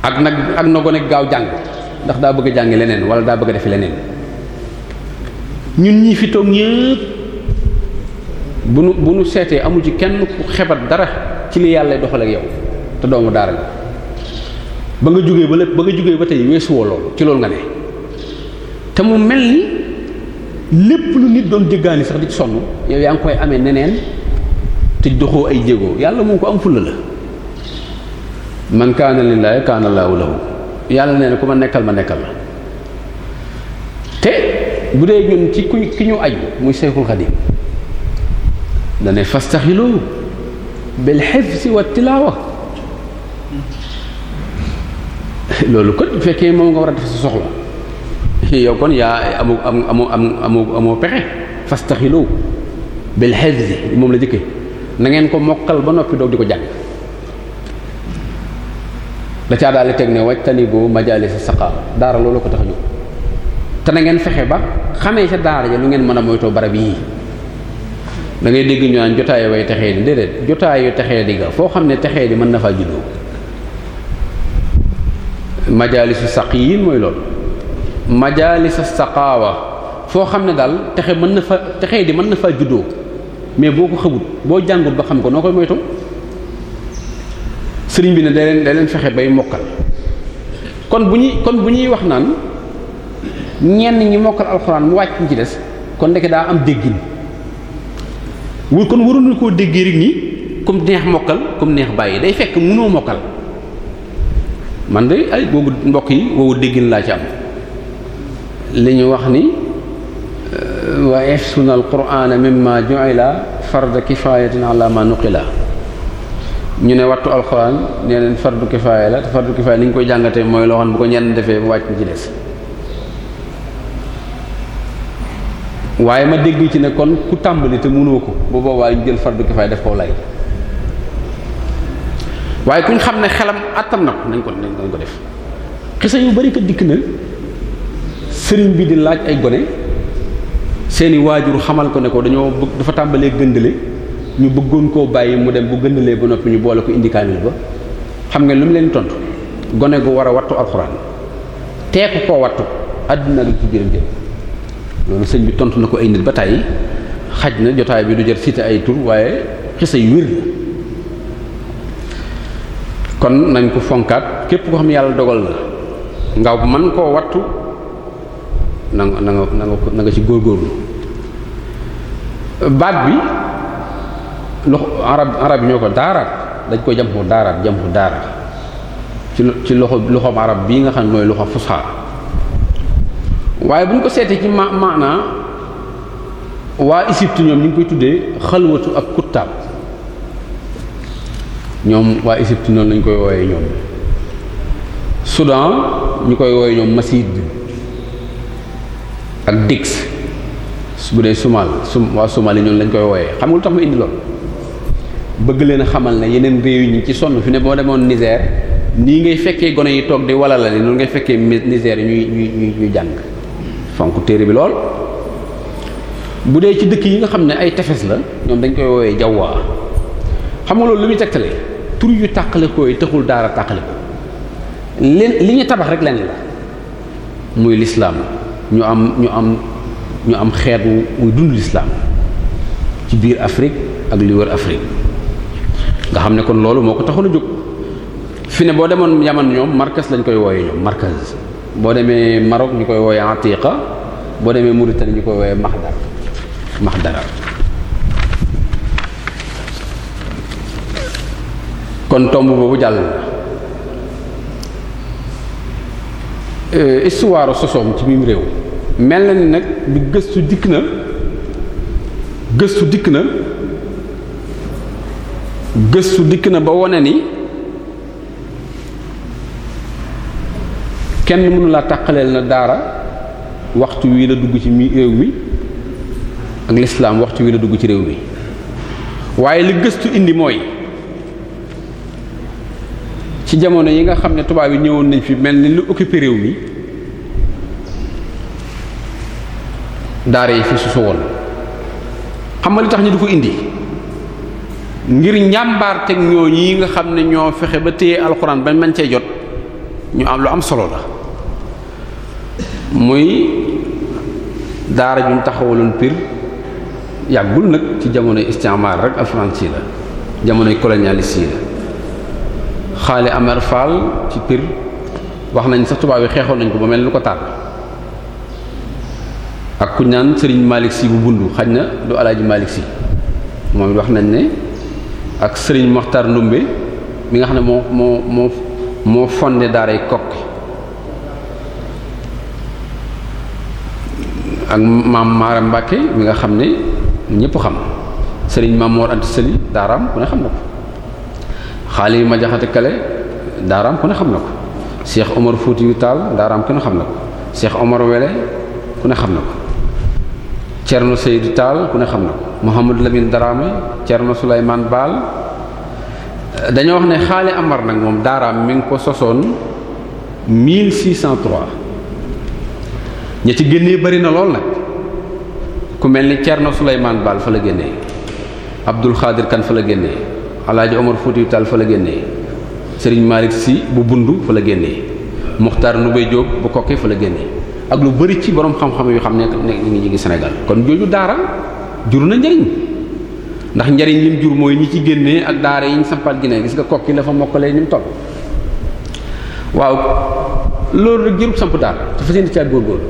ak nag ak na ko nekk gaaw jàng ndax daa bëgg a jàngi leneen wala daa bëgg a defi leneen ñun ñi fi toog ñëpp bu nu bu nu seetee amul ci kenn ku xebat dara ci li yàlla doxal ak yow te doomu daara la ba nga jógee ba lépp ba nga jógee ba tey weesuwoo loolu ci loolu nga ne te mu mel ni lépp lu nit doon jéggaani sax di ci sonn yow yaa ngi koy amee neneen te doxoo ay jéego yàlla moom ko am fulla la man kaana lillaahi kaana yàlla nee na ku ma nekkal ma nekkal la te bu dee ñun ci ku ki ñu aju muy Seexul Xadiim dane fastaxiloo bil hifzi wa tilaawa (laughs) loolu kon bu fekkee moom nga war a def sa soxla (laughs) yow kon yaa amu amoo amoo amoo pexe fastaxiloo bil hifzi moom la jëkk na ngeen ko mokkal ba noppi doog di ko jàng da caa daal di teg ne wajtani bu majalis saqa daara loolu ko tax a jóg te na ngeen fexe ba xamee sa daara ja lu ngeen mën a moytoo barab yii da ngay dégg ñu naan jotaayu way texee di déedéet jotaayu texee di nga foo xam ne texee di mën na faa juddoo. majaalisu saqiyin mooy loolu majaalisu saqaawa foo xam ne daal texe mën na fa texe di mën na faa juddoo mais boo ko xamut boo jàngut ba xam ko noo koy moytu sëriñ bi ne day leen leen fexe bay mokkal kon bu ñuy kon bu ñuy wax naan ñenn ñi mokkal alxuraan mu wàcc ci des kon ndeke daa am déggin wu kon warul waruñu koo déggee rek ni comme neex mokkal comme neex bàyyi day fekk mënoo mokkal man de ay googu mbokk yi woowu déggin laa ci am li ñu wax ni euh, wa ihsun al qur'ana mimma ju'ila fardu kifayatin ala ma nuqila ñu ne wattu alxuraan nee neen fardu kifaaya la te fardu kifaaya li ñu koy jàngatee mooy loo xam bu ko ñenn defee mu wàcc ci des waaye ma dégg ci ne kon ku tàmbali te mënoo ko bu boobaa ñu jël fardu kifaaya def ko lay waaye kuñ xam ne xelam attam na ko nañ ko nañ ko def xisa yu bari ko dikk na sëriñ bi di laaj ay gone seeni waajur xamal ko ne ko dañoo bëgg dafa tàmbalee gëndale ñu bëggoon koo bàyyi mu dem bu gëndalee ba noppi ñu boole ko indi kaamil ba xam nga lu mu leen tontu gone gu war a wattu alxuraan teeku koo wattu àdduna ak ci biiram jëm loolu sëñ bi tontu na ko ay nit ba tàyyi xaj na jotaay bi du jar cité ay tur waaye xisa yu wér kon nañ ko fonkaat képp ko xam yàlla dogal na nga man koo wattu na nga na nga na nga ci góorgóorlu baat bi lu arab arab yi ñoo ko daaraat dañ koy jam ko daaraat jam ko daara ci ci loxo loxoom arab bii nga xam ne mooy loxo fusxaa waaye bu ñu ko seetee ci ma maanaa waa Égypte ñoom ñu ngi koy tuddee xalwatu ak kuttaab ñoom waa Égypte noonu lañu koy wooyee ñoom Soudan ñu koy wooyee ñoom Masid ak Dix bu dee Somal sum waa Somal yi lañ koy wooyee xam nga indi lool bëgg leen xamal ne yeneen réew ñi ci sonn fi ne boo demoon Niger nii ngay fekkee gone yi toog di walalale noonu ngay fekkee Niger ñuy ñuy ñuy jàng fonk téere bi lool. bu dee ci dëkk yi nga xam ne ay tefes la ñoom dañ koy woowee jawwaa xam nga loolu lu muy tegtale tur yu tàqale koy taxul daara tàqale ko leen li ñu tabax rek leen la muy lislaam ñu am ñu am ñu am xeet wu dund lislaam ci biir Afrique ak li wër Afrique nga xam ne kon loolu moo ko taxul a jóg fi ne boo demoon yaman ñoom markas lañ koy wooyee ñoom markas boo demee Maroc ñu koy wooyee Atiqa boo demee Mauritanie ñu koy wooyee max Mahdara kon tomb boobu jàll na euh, histoire sosoom ci mim réew mel na ni nag bi gëstu dikk na gëstu dikk na gëstu dikk na ba wone ni kenn mënu la na daara waxtu wii la dugg ci mi réew mi ak lislaam waxtu wi la dugg ci réew mi waaye li gëstu indi mooy ci jamono yi nga xam ne tubaab yi ñëwoon nañ fii mel ni lu occupé réew mi daara yi fi susu woon xam nga li tax ñu du ko indi ngir njàmbaar teg ñoo yi nga xam ne ñoo fexe ba téye alxuraan bañ man cee jot ñu am lu am solo la muy daara juñ taxawaloon pir yàggul nag ci jamonoy istimaar rek alfaransi la jamonoy colonialiste la xaali Amar Fall ci Pire wax nañ sax tubaab yi xeexoon nañ ko ba mel ni lu ko taal ak ku naan sëriñ Malick si bu bundu xaj na du alaaji Malick Sy moom it wax nañ ne ak sëriñ Mokhtar Ndumbe mi nga xam ne moo moo moo moo fondé daaray kokki ak maam nga xam ne ñëpp xam Serigne Maam Mor Anta Sëli daaraam ku ne xam na ko xaali yi ma jaxate kale daaraam ku ne xam na ko Cheikh Omar Fouti yu taal daaraam ku ne xam na ko Cheikh Omar Wele ku ne xam na ko Thierno Seydou taal ku ne xam na ko Mouhamadou Lamine Darame Thierno Souleymane Baal dañoo wax ne xaali Amar nag moom daaraam mi ngi ko sosoon 1603 ña ci bari na lool nag ku mel ni Thierno Souleymane Baal fa la génnee Abdul Xaadir Kan fa la génnee alaaji omar fuuti taal fa la génnee sëriñ malik si bu bundu fa la génnee muxtaar nubay jóob bu kokke fa la génnee ak lu bari ci borom xam-xam yu xam ne nekk ñi ngi Sénégal kon jooju daara jur na njariñ ndax njariñ lim jur mooy ñi ci génnee ak daara yi ñu gi Guinée gis nga kokki la fa mokkalee ni mu waaw loolu rek jërub samp daar dafa seen ci ak góorgóor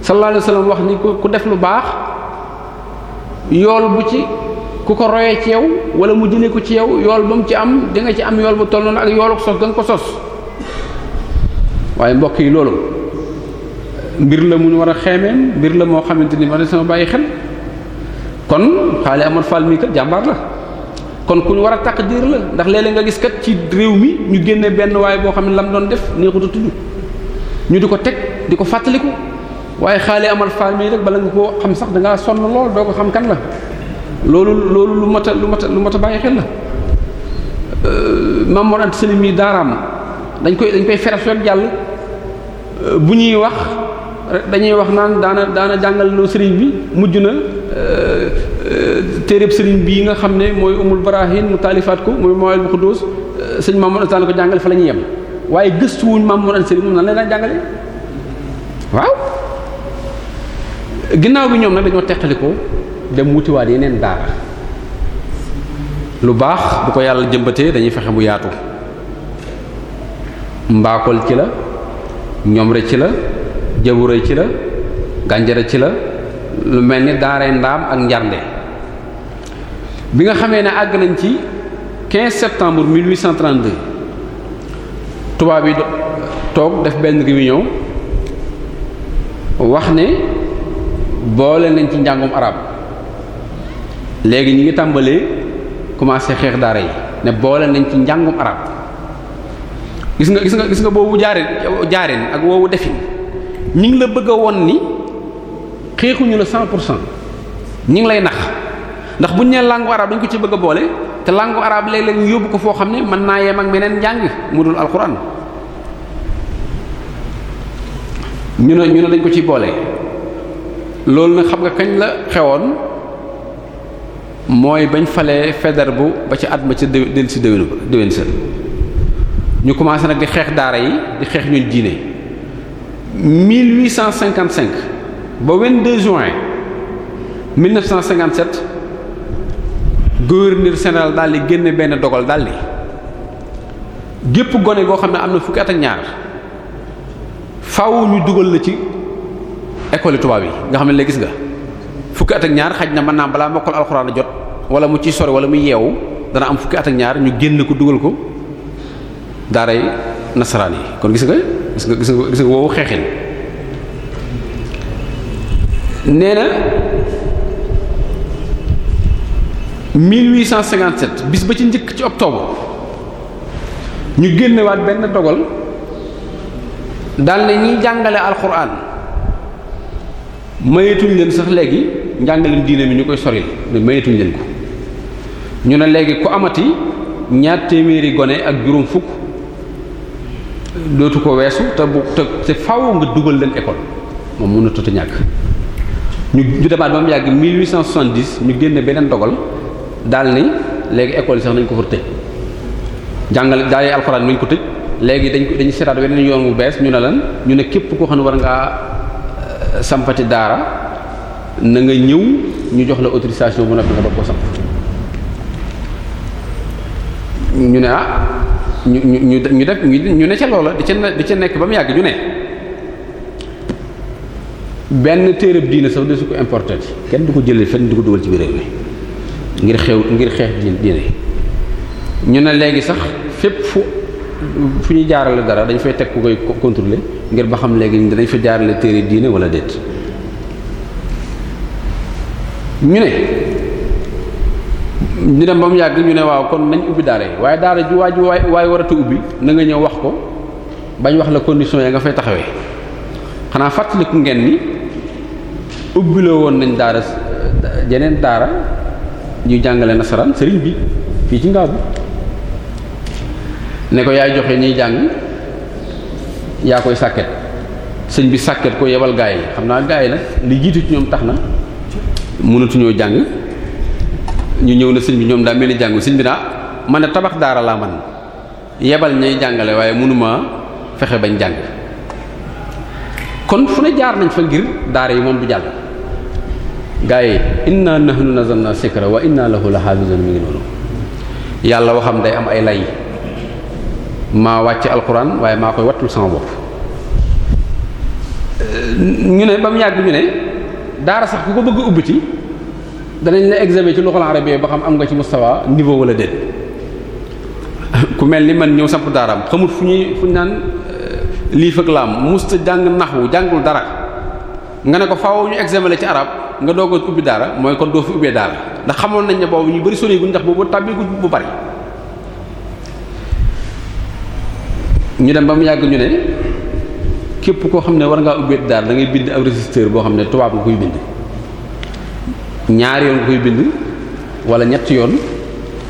sallallahu alayhi wasallam wax ni ku def lu baax yool bu ci ku ko royee ci yow wala mu jëlee ko ci yow yool ba mu ci am di nga ci am yool bu toll noonu ak yoolu sos ga nga ko sos waaye mbokk yi loolu mbir la mun war a xeemeem mbir la moo xamante ni war na sama bàyyi xel kon xaale Amar Fall mii kat jàmbaar la kon ku ñu war a takk diir la ndax léeg nga gis kat ci réew mi ñu génne benn waaye boo xam ne lam doon def neexut tudd ñu di ko teg di ko fàttaliku waaye xaale amal Fall mii rek bala nga koo xam sax da ngaa sonn lool ko xam kan la. loolu loolu lu mat lu mat lu mat a bàyyi xel la euh, Maam Mor Anta Sali daaraam dañ koy dañ koy feref rek jàll euh, bu ñuy wax dañuy wax naan daana daana jàngal loo sëriñ bi mujj na euh, téereb sëriñ bii nga xam ne mooy umul barahin mu taalifaat ko mooy mawel bu xuddoos sëñ Maam Mor Anta Sali ko jàngale fa la ñuy yem waaye gëstuwuñ Maam Mor Anta Sali moom nan la daan jàngale waaw ginnaaw bi ñoom nag dañoo teqalikoo dem wutiwaan yeneen daara lu baax bu ko yàlla jëmbatee dañuy fexe bu yaatu mbaakol ci la ñoom rek ci la jëburee ci la gànjara ci la lu mel ni daaree ndaam ak njarnde bi nga xamee ne àgg nañ ci 15 septembre 1832 tubaab yi toog def benn réunion wax ne boole nañ ci njàngum arab léegi ñu ngi tàmbalee commencé xeex daara yi ne boole nañ ci njàngum arab gis nga gis nga gis nga boobu jaare jaareen ak woowu defin ñu ngi la bëgg a won ni xeexuñu la cent ñu ngi lay nax ndax buñ nee langue arabe dañ ko ci bëgg a boole te langue arabe léeg-léeg ñu yóbbu ko foo xam ne mën naa yem ak meneen njàng mu dul alquran ñu ne ñu ne dañ ko ci boole loolu nag xam nga kañ la xewoon mooy bañ fale feder bu ba ci at ma ca del si déwén déwén sa ñu commencé nag di xeex daara yi di xeex ñun diine 1855 ba 22 juin 1957 gouverneur général daal di génne benn dogal daal di gépp gone goo xam ne am na fukki at ak ñaar faaw ñu dugal la ci. école tubaab yi nga xam ne léegi gis nga fukki at ak ñaar xaj na man naa balaa mokkal alxuraan a jot wala mu ciy sori wala mu yeewu dana am fukki at ak ñaar ñu génn ko dugal ko daaray nasaraan yi kon gis nga gis nga gis nga gis nga woowu xeexin nee na 1857 bis ba ci njëkk ci octobre ñu génnewaat benn dogal dal na ñiy jàngale alxuraan mayetuñ leen sax léegi njàngaleen diine mi ñu koy soril ne mayetuñ leen ko ñu ne léegi ku amati ñaar téeméeri gone ak juróom fukk dootu ko weesu te bu te te faaw nga dugal leen école moom mun na tëtu ñàkk ñu ñu demaat ba mu yàgg 1870 ñu génne beneen dogal daal ni léegi ecole yi sax nañ ko fa tëj jàngale daal yi alxuraan nañ ko tëj léegi dañ ko dañ seetaat weneen yoon bu bees ñu ne lan ñu ne képp koo xam ne war ngaa sampati daara na nga ñëw ñu jox la autorisation bu noppi nga doog koo samp ñu ne ah ñu ñu ñu ñu def ñu ne ca loola di ca nekk ba mu yàgg ñu ne benn téereb diina sax de su ko importé kenn du ko jëlee fenn du ko dugal ci biir réew ngir xew ngir xeex diine ñu ne léegi sax fépp fu fu ñuy jaarale dara dañ fay teg ku koy contrôler ngir ba xam léegi danañ fa jaarale téere diine wala déet ñu ne ñu dem ba mu yàgg ñu ne waaw kon nañ ubbi daara waaye daara ji waa ji waay waaye waratu ubbi na nga ñëw wax ko bañ wax la condition ya nga fay taxawee xanaa fàttaliku ngeen ni ubbiloo woon nañ daara jeneen daara ñuy jàngale nasaraan sëriñ bi fii ci ngaabu ne ko yaay joxe ñuy jàng yaa koy sàkket sëñ bi sàkket ko yebal gaay yi xam naa gaay yi nag li jiitu ci ñoom tax na mënatuñoo jàng ñu ñëw na sëñ bi ñoom daa mel ni jàng sëñ bi naa man a tabax daara laa man yebal ñay jàngale waaye mënuma fexe bañ jàng kon fu ne jaar nañ fa ngir daara yi moom du jàll gaa yi inna nahnu nazalna sikra wa naa lahu lahafizun mi ngi noonu yàlla waxam day am ay lay maa wàcce alxuraan waaye maa koy wattul sama bopp ñu ne ba mu yàgg ñu ne daara sax ku ko bëgg ubbi ci danañ la examen ci luxal arabiyya ba xam am nga ci mustawa niveau wala déet ku mel ni man ñëw samp daaraam xamul fu ñuy fu ñu naan euh, liif ak laam musta jàng naxwu jàngul dara nga ne ko faaw ñu examen la ci arab nga doog a ubbi daara mooy kon doo fi ubbee daara ndax xamoon nañ ne boobu ñu bëri sori guñ ndax boobu tàbbi bu bari ñu dem ba mu yàgg ñu ne képp koo xam ne war ngaa ubbeet daal da ngay bind ab registre boo xam ne tubaab nga koy bind ñaari yoon nga koy bind walla ñetti yoon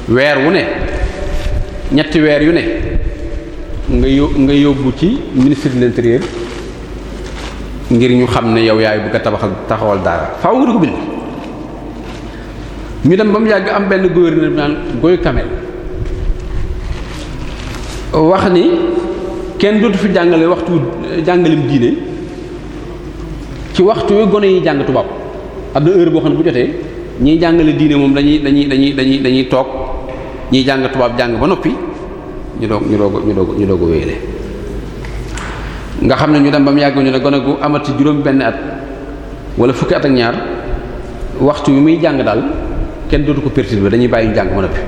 weer wu ne ñetti weer yu ne nga nga yóbbu ci ministre de l'intérieur ngir ñu xam ne yow yaay bu nga tabaxal taxawal daara faw nga ko bind ñu dem ba mu yàgg am benn gouverneur bi naan Goy Kamel wax ni kenn dootu fi jàngale waxtu jàngalim diine ci waxtu wi gone yi jàng tubaab am na heure boo xam ne bu jotee ñiy jàngale diine moom dañuy dañuy dañuy dañuy dañuy toog ñiy jàng tubaab jàng ba noppi ñu doo ñu doog ñu doog ñu doog a wéyale nga xam ne ñu dem ba mu yàgg ñu ne gone gu amati juróom benn at wala fukki at ak ñaar waxtu wi muy jàng daal kenn dootu ko bi dañuy bàyyi ñu jàng ba noppi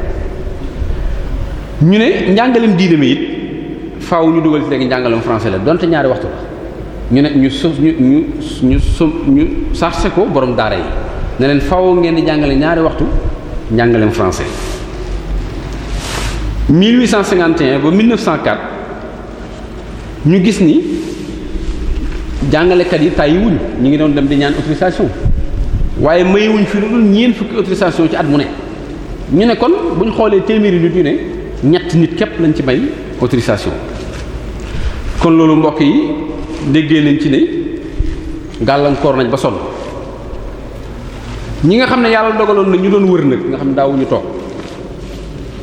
ñu ne njàngalim diine mi it faaw ñu dugal ci léegi njàngalum français la donte ñaari waxtu la ñu ne ñu so ñu ñu ñu su ñu sarse ko borom daara yi ne leen ngeen di jàngale ñaari waxtu njàngalem français 1851 ba 1904 ñu gis ni jàngalekat yi tàyyiwuñ ñu ngi doon dem di ñaan autorisation waaye mayiwuñ fi lu dul ñeent fukki autorisation ci at mu ne ñu ne kon buñ xoolee téeméeri nit ñu ñett nit képp lañ ci may autorisation kon loolu mbokk yi déggee nañ ci ne gàllankoor nañ ba sonn ñi nga xam ne yàlla dogaloon na ñu doon wër nag nga xam ne daawuñu toog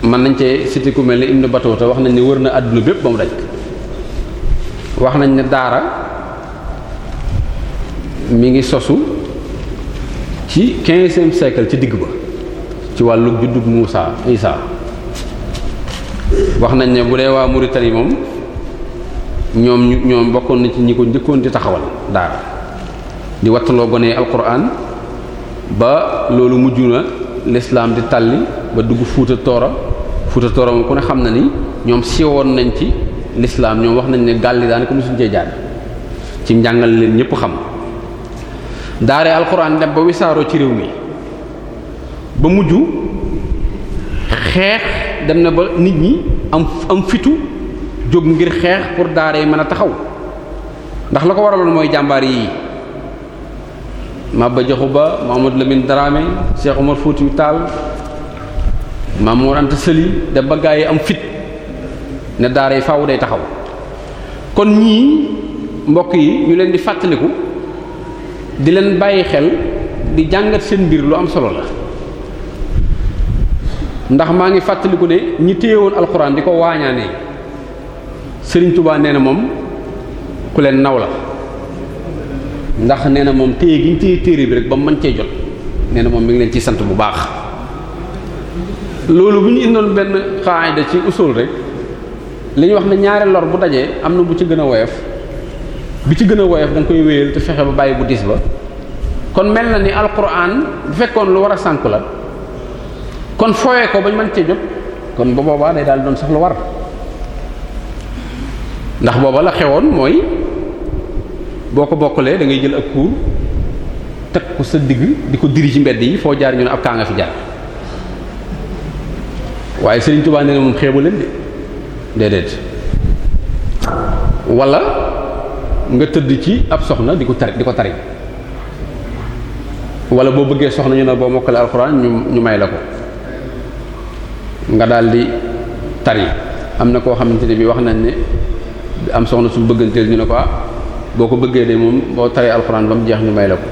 mën nañ cee cité ku mel ne Ibn Battuta wax nañ ne wër na àdduna bépp ba mu daj wax nañ ne daara mi ngi sosu ci quinzième siècle ci digg ba ci wàllu juddub Muusa Isa wax nañ ne bu dee waa Mauritanie moom ñoom ñu ñoom bokkoon na ci ñi ko njëkkoon di taxawal daara di wattaloo gone alquran ba loolu mujj na l'islam di talli ba dugg fuuta toora fuuta toora moom ku ne xam na ni ñoom siwoon nañ ci lislaam ñoom wax nañ ne gàlli daanaka mosuñ cee jaar ci njàngal leen ñépp xam daare alquran dem ba wisaaroo ci réew mi ba mujj xeex dem na ba nit ñi am am fitu jóg ngir xeex pour daara yi mën a taxaw ndax la ko waraloon mooy jàmbaar yi Maba Jaxu Ba Mamadou Lamine Dramé Cheikh Omar Foutiyou taal Mame Mor Anta Sali da ba yi am fit ne daara yi faaw day taxaw kon ñii mbokk yi ñu leen di fàttaliku di leen bàyyi xel di jàngat seen mbir lu am solo la ndax maa ngi fàttaliku ne ñi téye woon alxuraan di ko waañaanee sëriñ Touba nee na moom ku leen naw la ndax nee na moom téye gi ñu téye téere bi rek ba mu mën cee jot nee moom mi ngi leen ciy sant bu baax loolu bu ñu indoon benn xaayda ci usol rek li ñu wax na ñaari lor bu dajee am na bu ci gën a woyof bi ci gën a woyof da koy wéyal te fexe ba bàyyi bu diis ba kon mel na ni alquran bu fekkoon lu war a sànku la kon fooyee ko ba ñu mën cee jot kon ba boobaa day daal doon sax lu war ndax booba la xewoon mooy boo ko bokkalee da ngay jël ak kuur teg ko sa digg di ko diri ci mbedd yi foo jaar ñu ne ab kaa nga fi jaar waaye Serigne Touba nee na moom xeebu leen de déedéet wala nga tëdd ci ab soxna di ko tari di ko tari wala boo bëggee soxna ñu ne boo mokkale alxuraan ñu ñu may la ko nga daldi tari am na koo xamante ne bi wax nañ ne di am soxna su bëgganteel ñu ne ko ah boo ko bëggee de moom boo taree alxuraan ba mu jeex ñu may la ko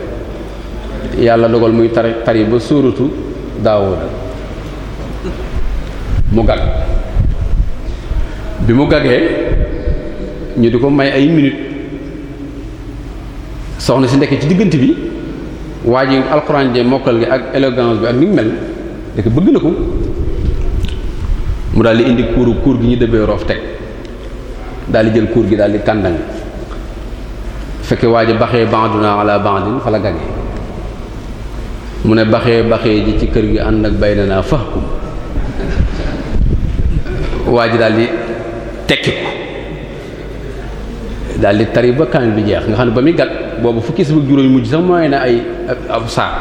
yàlla dogal muy tar tari ba sóoratu daawuda mu gag bi mu gagee ñu di ko may ay minutes soxna si nekk ci diggante bi waa ji alxuraan je mokkal gi ak élégance bi ak ni mel ndeke bëgg na ko mu daal di indi kuuru kuur gi ñu dëbbee roof teg daal di jël kuur gi daal di kàndang fekke waa ji baxee banduna ala bandin fa la gage mu ne baxee baxee ji ci kër gi ànd ak bay na naa fahkum waa ji daal di tekki ko daal di tari ba kaamil bi jeex nga xam ne ba muy gàtt boobu fukki si juróomi mujj sax mooy na ay ab saar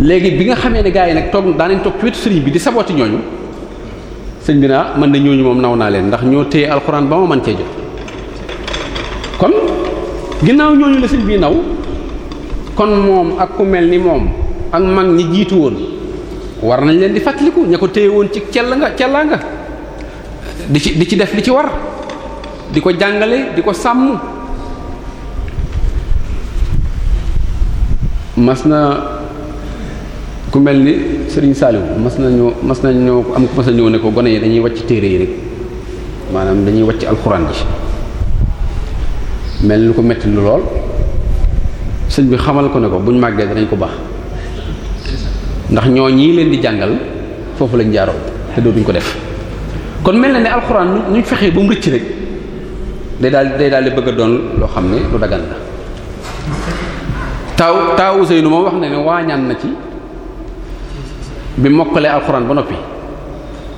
léegi bi nga xamee ne gaa yi nag toog daanañ toog ci wetu sëriñ bi di sabooti ñooñu sëñ bi naa man de ñooñu moom naw naa leen ndax ñoo téye alxuraan ba ma mën cee jot kon ginnaaw ñooñu la sëñ bi naw kon moom ak ku mel ni moom ak mag ñi jiitu woon war nañ leen di fàttaliku ña ko téye woon ci cell nga cellaa nga di ci di ci def di ci war di ko jàngale di ko sàmm mas na ku mel ni Serigne Saliou mas nañoo mas nañoo am ku mas a ñëw ne ko gone yi dañuy wàcc téere yi rek maanaam dañuy wàcc alxuraan ji mel ni ko metti lu lool sëñ bi xamal ko ne ko buñ màggee danañ ko baax ndax ñoo ñii leen di jàngal foofu lañ jaaroon te dootuñ ko def kon mel na ne alxuraan ñu fexee ba mu rëcc rek day daal day daal di bëgg a doon loo xam ne lu daganta taaw taawu Seynu moom wax na ne waañaan na ci bi mokkalee alxuraan ba noppi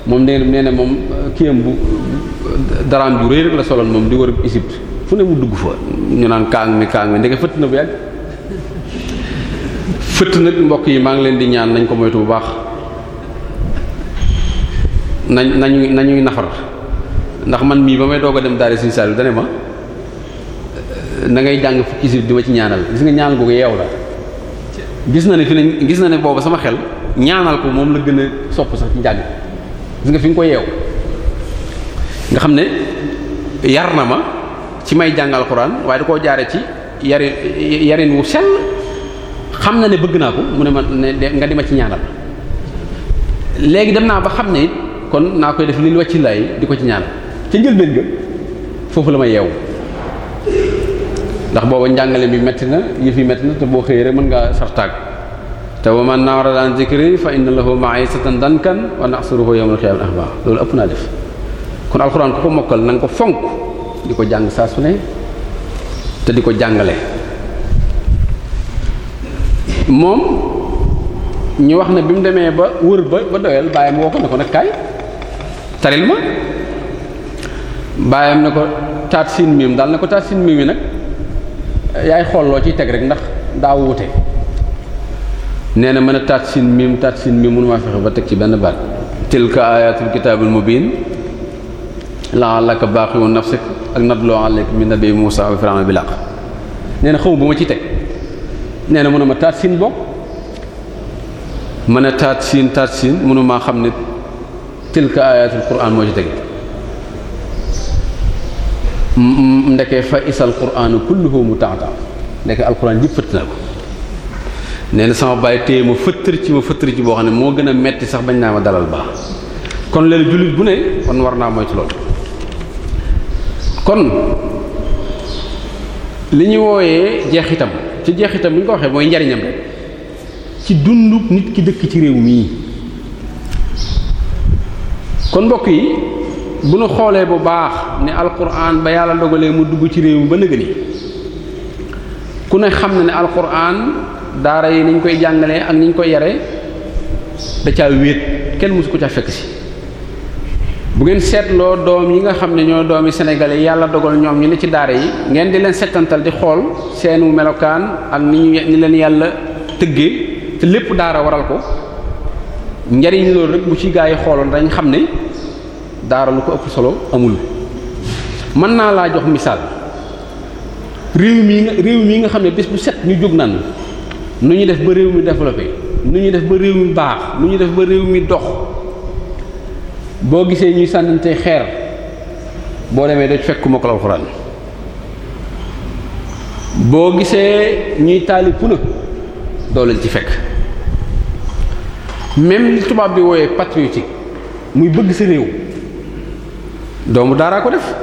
moom nee nee na moom kiyam bu daraam ju rëy rek la solon moom di wër Égypte fu ne mu dugg fa ñu naan kaang mi kaang mi ndeke fëtt na bu fëtt nag mbokk yi maa ngi leen di ñaan nañ ko moytu bu baax nañ nañuy nañuy nafar ndax man mii ba may doog a dem daal di sal dane ma eh, nangay jàng fukki si di ma ci ñaanal gis nga ñaan googu yeew la gis na ne fi ne gis na ne boobu sama xel ñaanal ko moom la gën a sopp sax ci njàng gis nga fi nga ko yeew nga xam ne yar na ma ci may jàngal xuraan waaye da koo jaare ci yarin yarin wu sell xam na ne bëgg naa ko mu ne ma ne nga di ma ci ñaanal léegi dem naa ba xam ne it kon naa koy def lil wàcci lay di ko ci ñaanal ca njëlbeen ga foofu la ma yeewu ndax booba njàngale bi metti na yëf fi metti na te boo xëyee rek mën ngaa sartaag te wa man a'rada an zikri fa inna lahu ma'isatan dankan wa nahsuruhu yawmal qiyamati ahma loolu ëpp naa def kon alxuraan ku ko mokkal na ko fonk di ko jàng saa su ne te di ko jàngale moom ñu wax ne bi mu demee ba wër ba ba doyal bàyyam woo ko ne ko nag taril ma bàyyam ne ko taat siin miim daal ne ko taat siin miim yi nag yaay xool loo ciy teg rek ndax daa wuute nee na mën a taat sin miim taat sin miim mënu maa fexe ba teg ci benn baat tilka ayatul kitaabul mubin la'allaka baaxiun nafsik ak natlu alayk min nabi Musa wa Firawna bil haqq nee na xaw bu ma ci teg nee na mënu ma taat sin bokk mën a taat siin taat sin mënu maa xam ne tilka ayatul quran moo ci teg ndeke fa isal quranu kulluhu mutaata ndeke alquran jëpp fëtt na ko nee na sama bàyyi te ma fëttër ci ma fëttër ci boo xam ne moo gën a metti sax bañ naa ma dalal baax kon léegi jullit bu ne kon war naa moytu loolu kon li ñu wooyee jeexitam ci jeexitam bu ñu ko waxee mooy njariñam rek ci dundu nit ki dëkk ci réew mii kon mbokk yi bu nu xoolee bu baax ne alquran ba yàlla dogalee mu dugg ci réew mi ba nëgëni ku ne xam na ne alquran daara yi niñ koy jàngalee ak niñ koy yare da caa wéet kenn mësu ko ca fekk si bu ngeen seetloo doom yi nga xam ne ñoo doomi sénégalais yàlla dogal ñoom ñu ne ci daara yi ngeen di leen settantal di xool seenu melokaan ak ni ñu ni leen yàlla tëggee te lépp daara waral ko njariñ loolu rek bu ci gaa yi xooloon dañ xam ne daara lu ko ëpp solo amul mën naa laa jox misaal réew mi nga réew mi nga xam ne bés bu set ñu jóg naan nu ñu def ba réew mi développé nu ñu def ba réew mi baax nu ñu def ba réew mi dox boo gisee ñuy sànnante xeer boo demee daj fekk mokkal alxuraan boo gisee ñuy taali puna doo leen ci fekk même li tubaab bi wooyee patriotique muy bëgg sa réew doomu daaraa ko def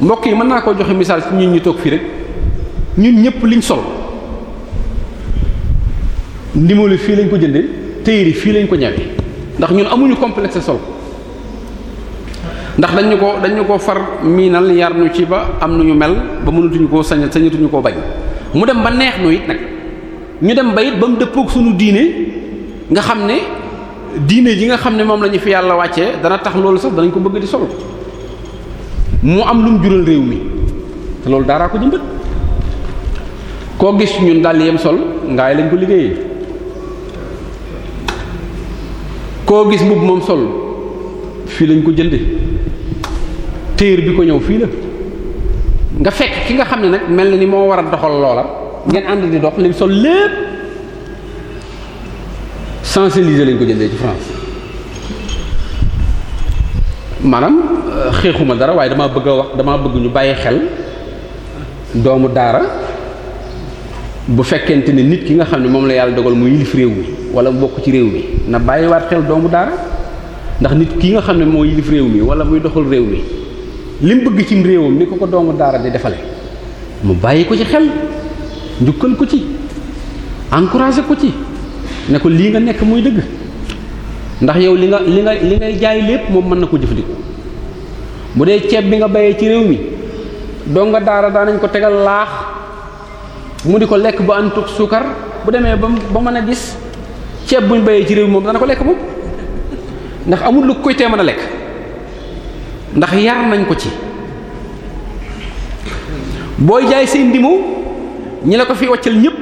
mbokk yi mën naa koo joxe misaal ci ñun ñu toog fii rek ñun ñëpp liñ sol li fii lañ ko jënde téere fii lañ ko ñawe ndax ñun amuñu complexe sol ndax dañu ko dañu ko far miinal yar ñu ci ba am ñu mel ba mënatuñu koo sañ sañatuñu ko bañ mu dem ba neex nu it nag ñu dem ba it ba mu dëppoog suñu diine nga xam ne diinee ji nga xam ne moom lañu fi yàlla wàccee dana tax loolu sax danañ ko bëgg di solo mu am lu mu jural réew mi te loolu daaraa ko jëmbët koo gis ñun daal yem sol ngaay lañ ko liggéeyee koo gis mbubb moom sol fii lañ ko jënde téer bi ko ñëw fii la nga fekk ki nga xam ne nag mel na ni moo war a doxal loola ngeen ànd di dox lim sol lépp sensibiliser lañ ko jëndee ci France maanaam euh, xeexuma dara waaye damaa bëgg a wax damaa bëgg ñu bàyyi xel doomu daara bu fekkente ne nit ki nga xam ne moom la yàlla dogal mu yilif réew mi wala mu bokk ci réew mi na bàyyiwaat xel doomu daara ndax nit ki nga xam ne moo yilif réew mi wala muy doxal réew mi lim bëgg cim réewam ni ko ko doomu daara di defale mu bàyyi ko ci xel njukkal ko ci encouragé ko ci ne ko lii nga nekk mooy dëgg ndax yow li nga li nga li ngay jaay lépp moom mën na ko jëfandikoo bu dee ceeb bi nga bayee ci réew mi doo nga daara daanañ mu di ko lekk bu ànd suukar bu demee ba ba mën a gis ceeb buñ bayee ci réew moom dana ko lekk moom ndax amul lu koy tee mën a lekk ndax yar nañ ko ci booy jaay seen ndimu ñi la ko fi waccal ñëpp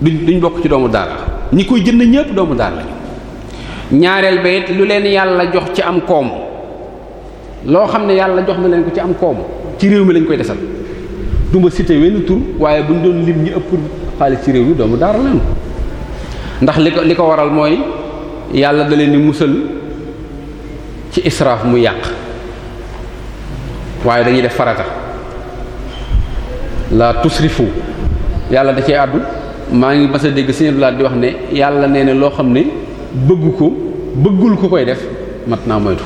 du duñ bokk ci doomu daara ñi koy jënd ñëpp doomu daara lañu ñaareel ba it lu leen yàlla jox ci am koom loo xam ne yàlla jox na leen ko ci am koom ci réew mi lañ koy desal du site cité wenn tur waaye bu ñu doon lim ñi ëpp xaalis ci réew mi doomu daara lañu ndax li ko li ko waral mooy yàlla da leen di musal ci israaf mu yàq waaye dañuy def farata la tusrifu yàlla da cee àddu maa ngi mas a dégg sëñ Abdoulaye di wax ne yàlla nee na loo xam ne bëgg ko bëggul ku koy def mat naa moytu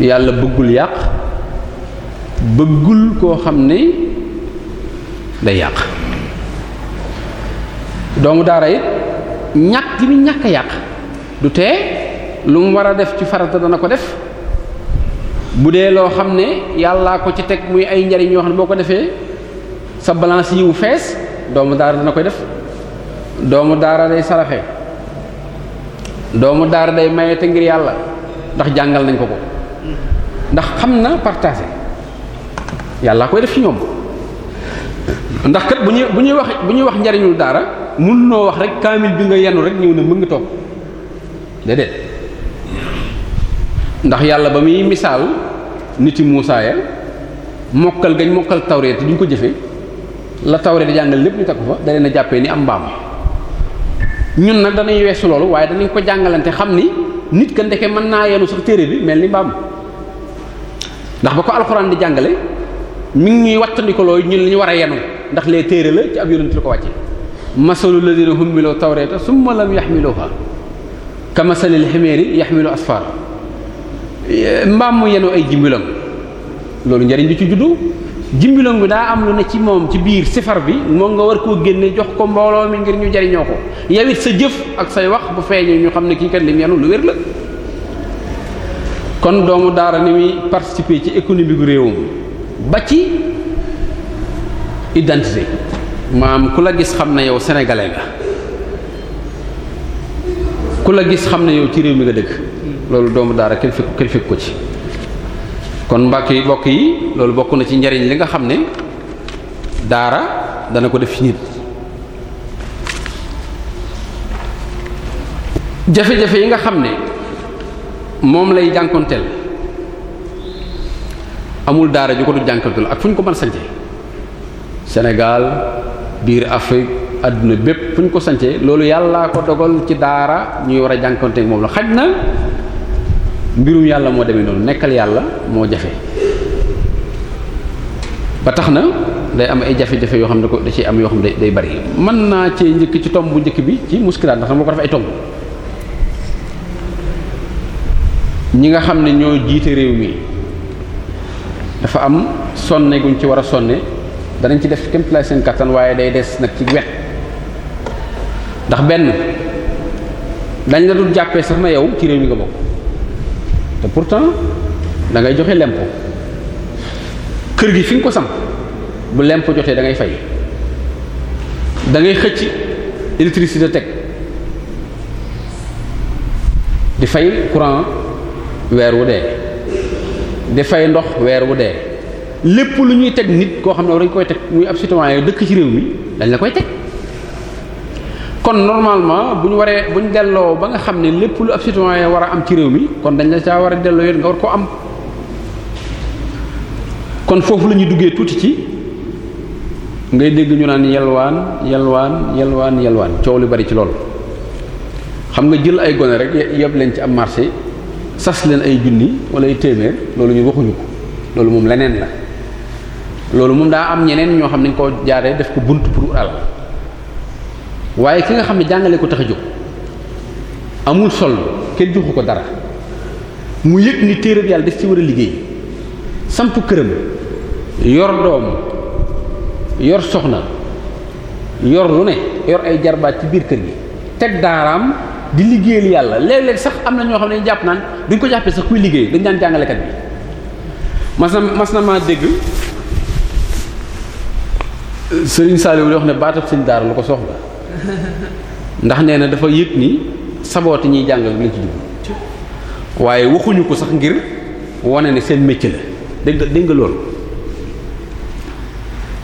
yàlla bëggul yàq bëggul koo xam ne day yàq doomu daara it ñàkk gi mu ñàkk yàq du tee lu mu war a def ci farata dana ko def bu dee loo xam ne yàllaa ko ci teg muy ay njariñ yoo xam ne boo ko defee sa balance yiwu fees doomu daara dana koy def doomu daara day saraxe doomu daara day mayete ngir yàlla ndax jàngal nañ ko ko ndax xam na partagé yàllaa koy def ci ñoom ndax kat bu ñuy bu ñuy wax bu ñuy wax njariñul daara mun noo wax rek kaamil bi nga yenu rek ñëw ne mën nga toog déedéet ndax yàlla ba muy misaal nit yi Muusaa ya mokkal gañ mokkal tawreet duñ ko jëfe la tawreet jàngal lépp ñu takku fa da leen a jàppee ni am mbaam ñun nag danañ weesu loolu waaye danañ ko jàngalante xam ni nit ka ndeke mën naa yenu su téere bi mel ni mbaam ndax ba ko alxuraan di jàngale mu ngi ñuy wattandikoloo ñun li ñu war a yenu ndax lee téere la ci ab yonent la ko wàcce masalu ladina hummilu tawrata summa lam yaxmiluha ka masalil ximeeri yaxmilu asfar mbaam mu yenu ay jimbilang loolu njariñ bi ci juddu jimbilang bi daa am lu ne ci moom ci biir sifar bi moom nga war koo génne jox ko mbooloo mi ngir ñu jariñoo ko yow sa jëf ak say wax bu feeñee ñu xam ne kii kat lim yenu lu wér la kon doomu daara ni muy participer ci économie gu ba ci identité maam ku la gis xam na yow sénégalais nga ku la gis xam na yow ci réew mi nga dëkk loolu doomu daara kenn fekk ko ci kon mbàkk yi bokk yi loolu bokk na ci njariñ li nga xam ne daara dana ko def ci nit jafe-jafe yi nga xam ne moom lay jànkonteel amul daara ju ko du la ak fu ñu ko mën a senegal biir Afrique àdduna bépp fu ñu ko sancee loolu yàllaa ko dogal ci daara ñuy war a jànkanteeg moom la xaj na mbirum yàlla moo demee noonu nekkal yàlla moo jafe ba tax na day am ay jafe-jafe yoo xam ne ko da ciy am yoo day bari mën naa cee njëkk ci tomb bu njëkk bi ci muskilaat ndax dama def ay tomb ñi nga xam ne ñoo jiite réew mi dafa am sonne guñ ci war a sonne danañ ci def kéem seen kattan waaye day des nag ci wet ndax benn dañ la dul jàppee sax na yow ci réew mi nga bokk te pourtant da ngay joxe lempo kër gi fi nga ko sam bu lempo jotee da ngay fay da ngay xëcc électricité teg di fay courant weer wu dee. di fay ndox weer wu dee lépp lu ñuy teg nit koo xam ne dañ koy teg muy ab citoyen dëkk ci réew mi dañ la koy teg kon normalement bu ñu waree bu ñu delloo ba nga xam ne lépp lu ab citoyen war a am ci réew mi kon dañ la caa war a delloo yoon nga war ko am kon foofu la ñuy duggee tuuti ci ngay dégg ñu naan yelwaan yelwaan yelwaan yelwaan coow lu bari ci loolu xam nga jël ay gone rek yëpp leen ci am marché sas leen ay junni wala ay téeméer loolu ñu waxuñu ko loolu moom leneen la loolu moom daa am ñeneen ñoo xam ne ko jaaree def ko bunt pour alal waaye ki nga xam ne jàngale ko tax a jóg amul sol kenn joxu ko dara mu yëg ni téereb yàlla def ci war a liggéey samp këram yor doom yor soxna yor lu ne yor ay jarbaat ci biir kër gi teg daaraam di liggéeyal yàlla léeg-léeg sax am na ñoo xam ne dañu jàpp naan duñ ko jàppee sax kuy liggéey dañ daan jàngalekat bi mas na mas na maa dégg Serigne Saliou di wax ne baatab seen daara lu ko soxla ndax nee na dafa yëg ni sabooti ñiy jàngal lañ ci dugg waaye waxuñu ko sax ngir wane ne seen métier la dégg dégg nga loolu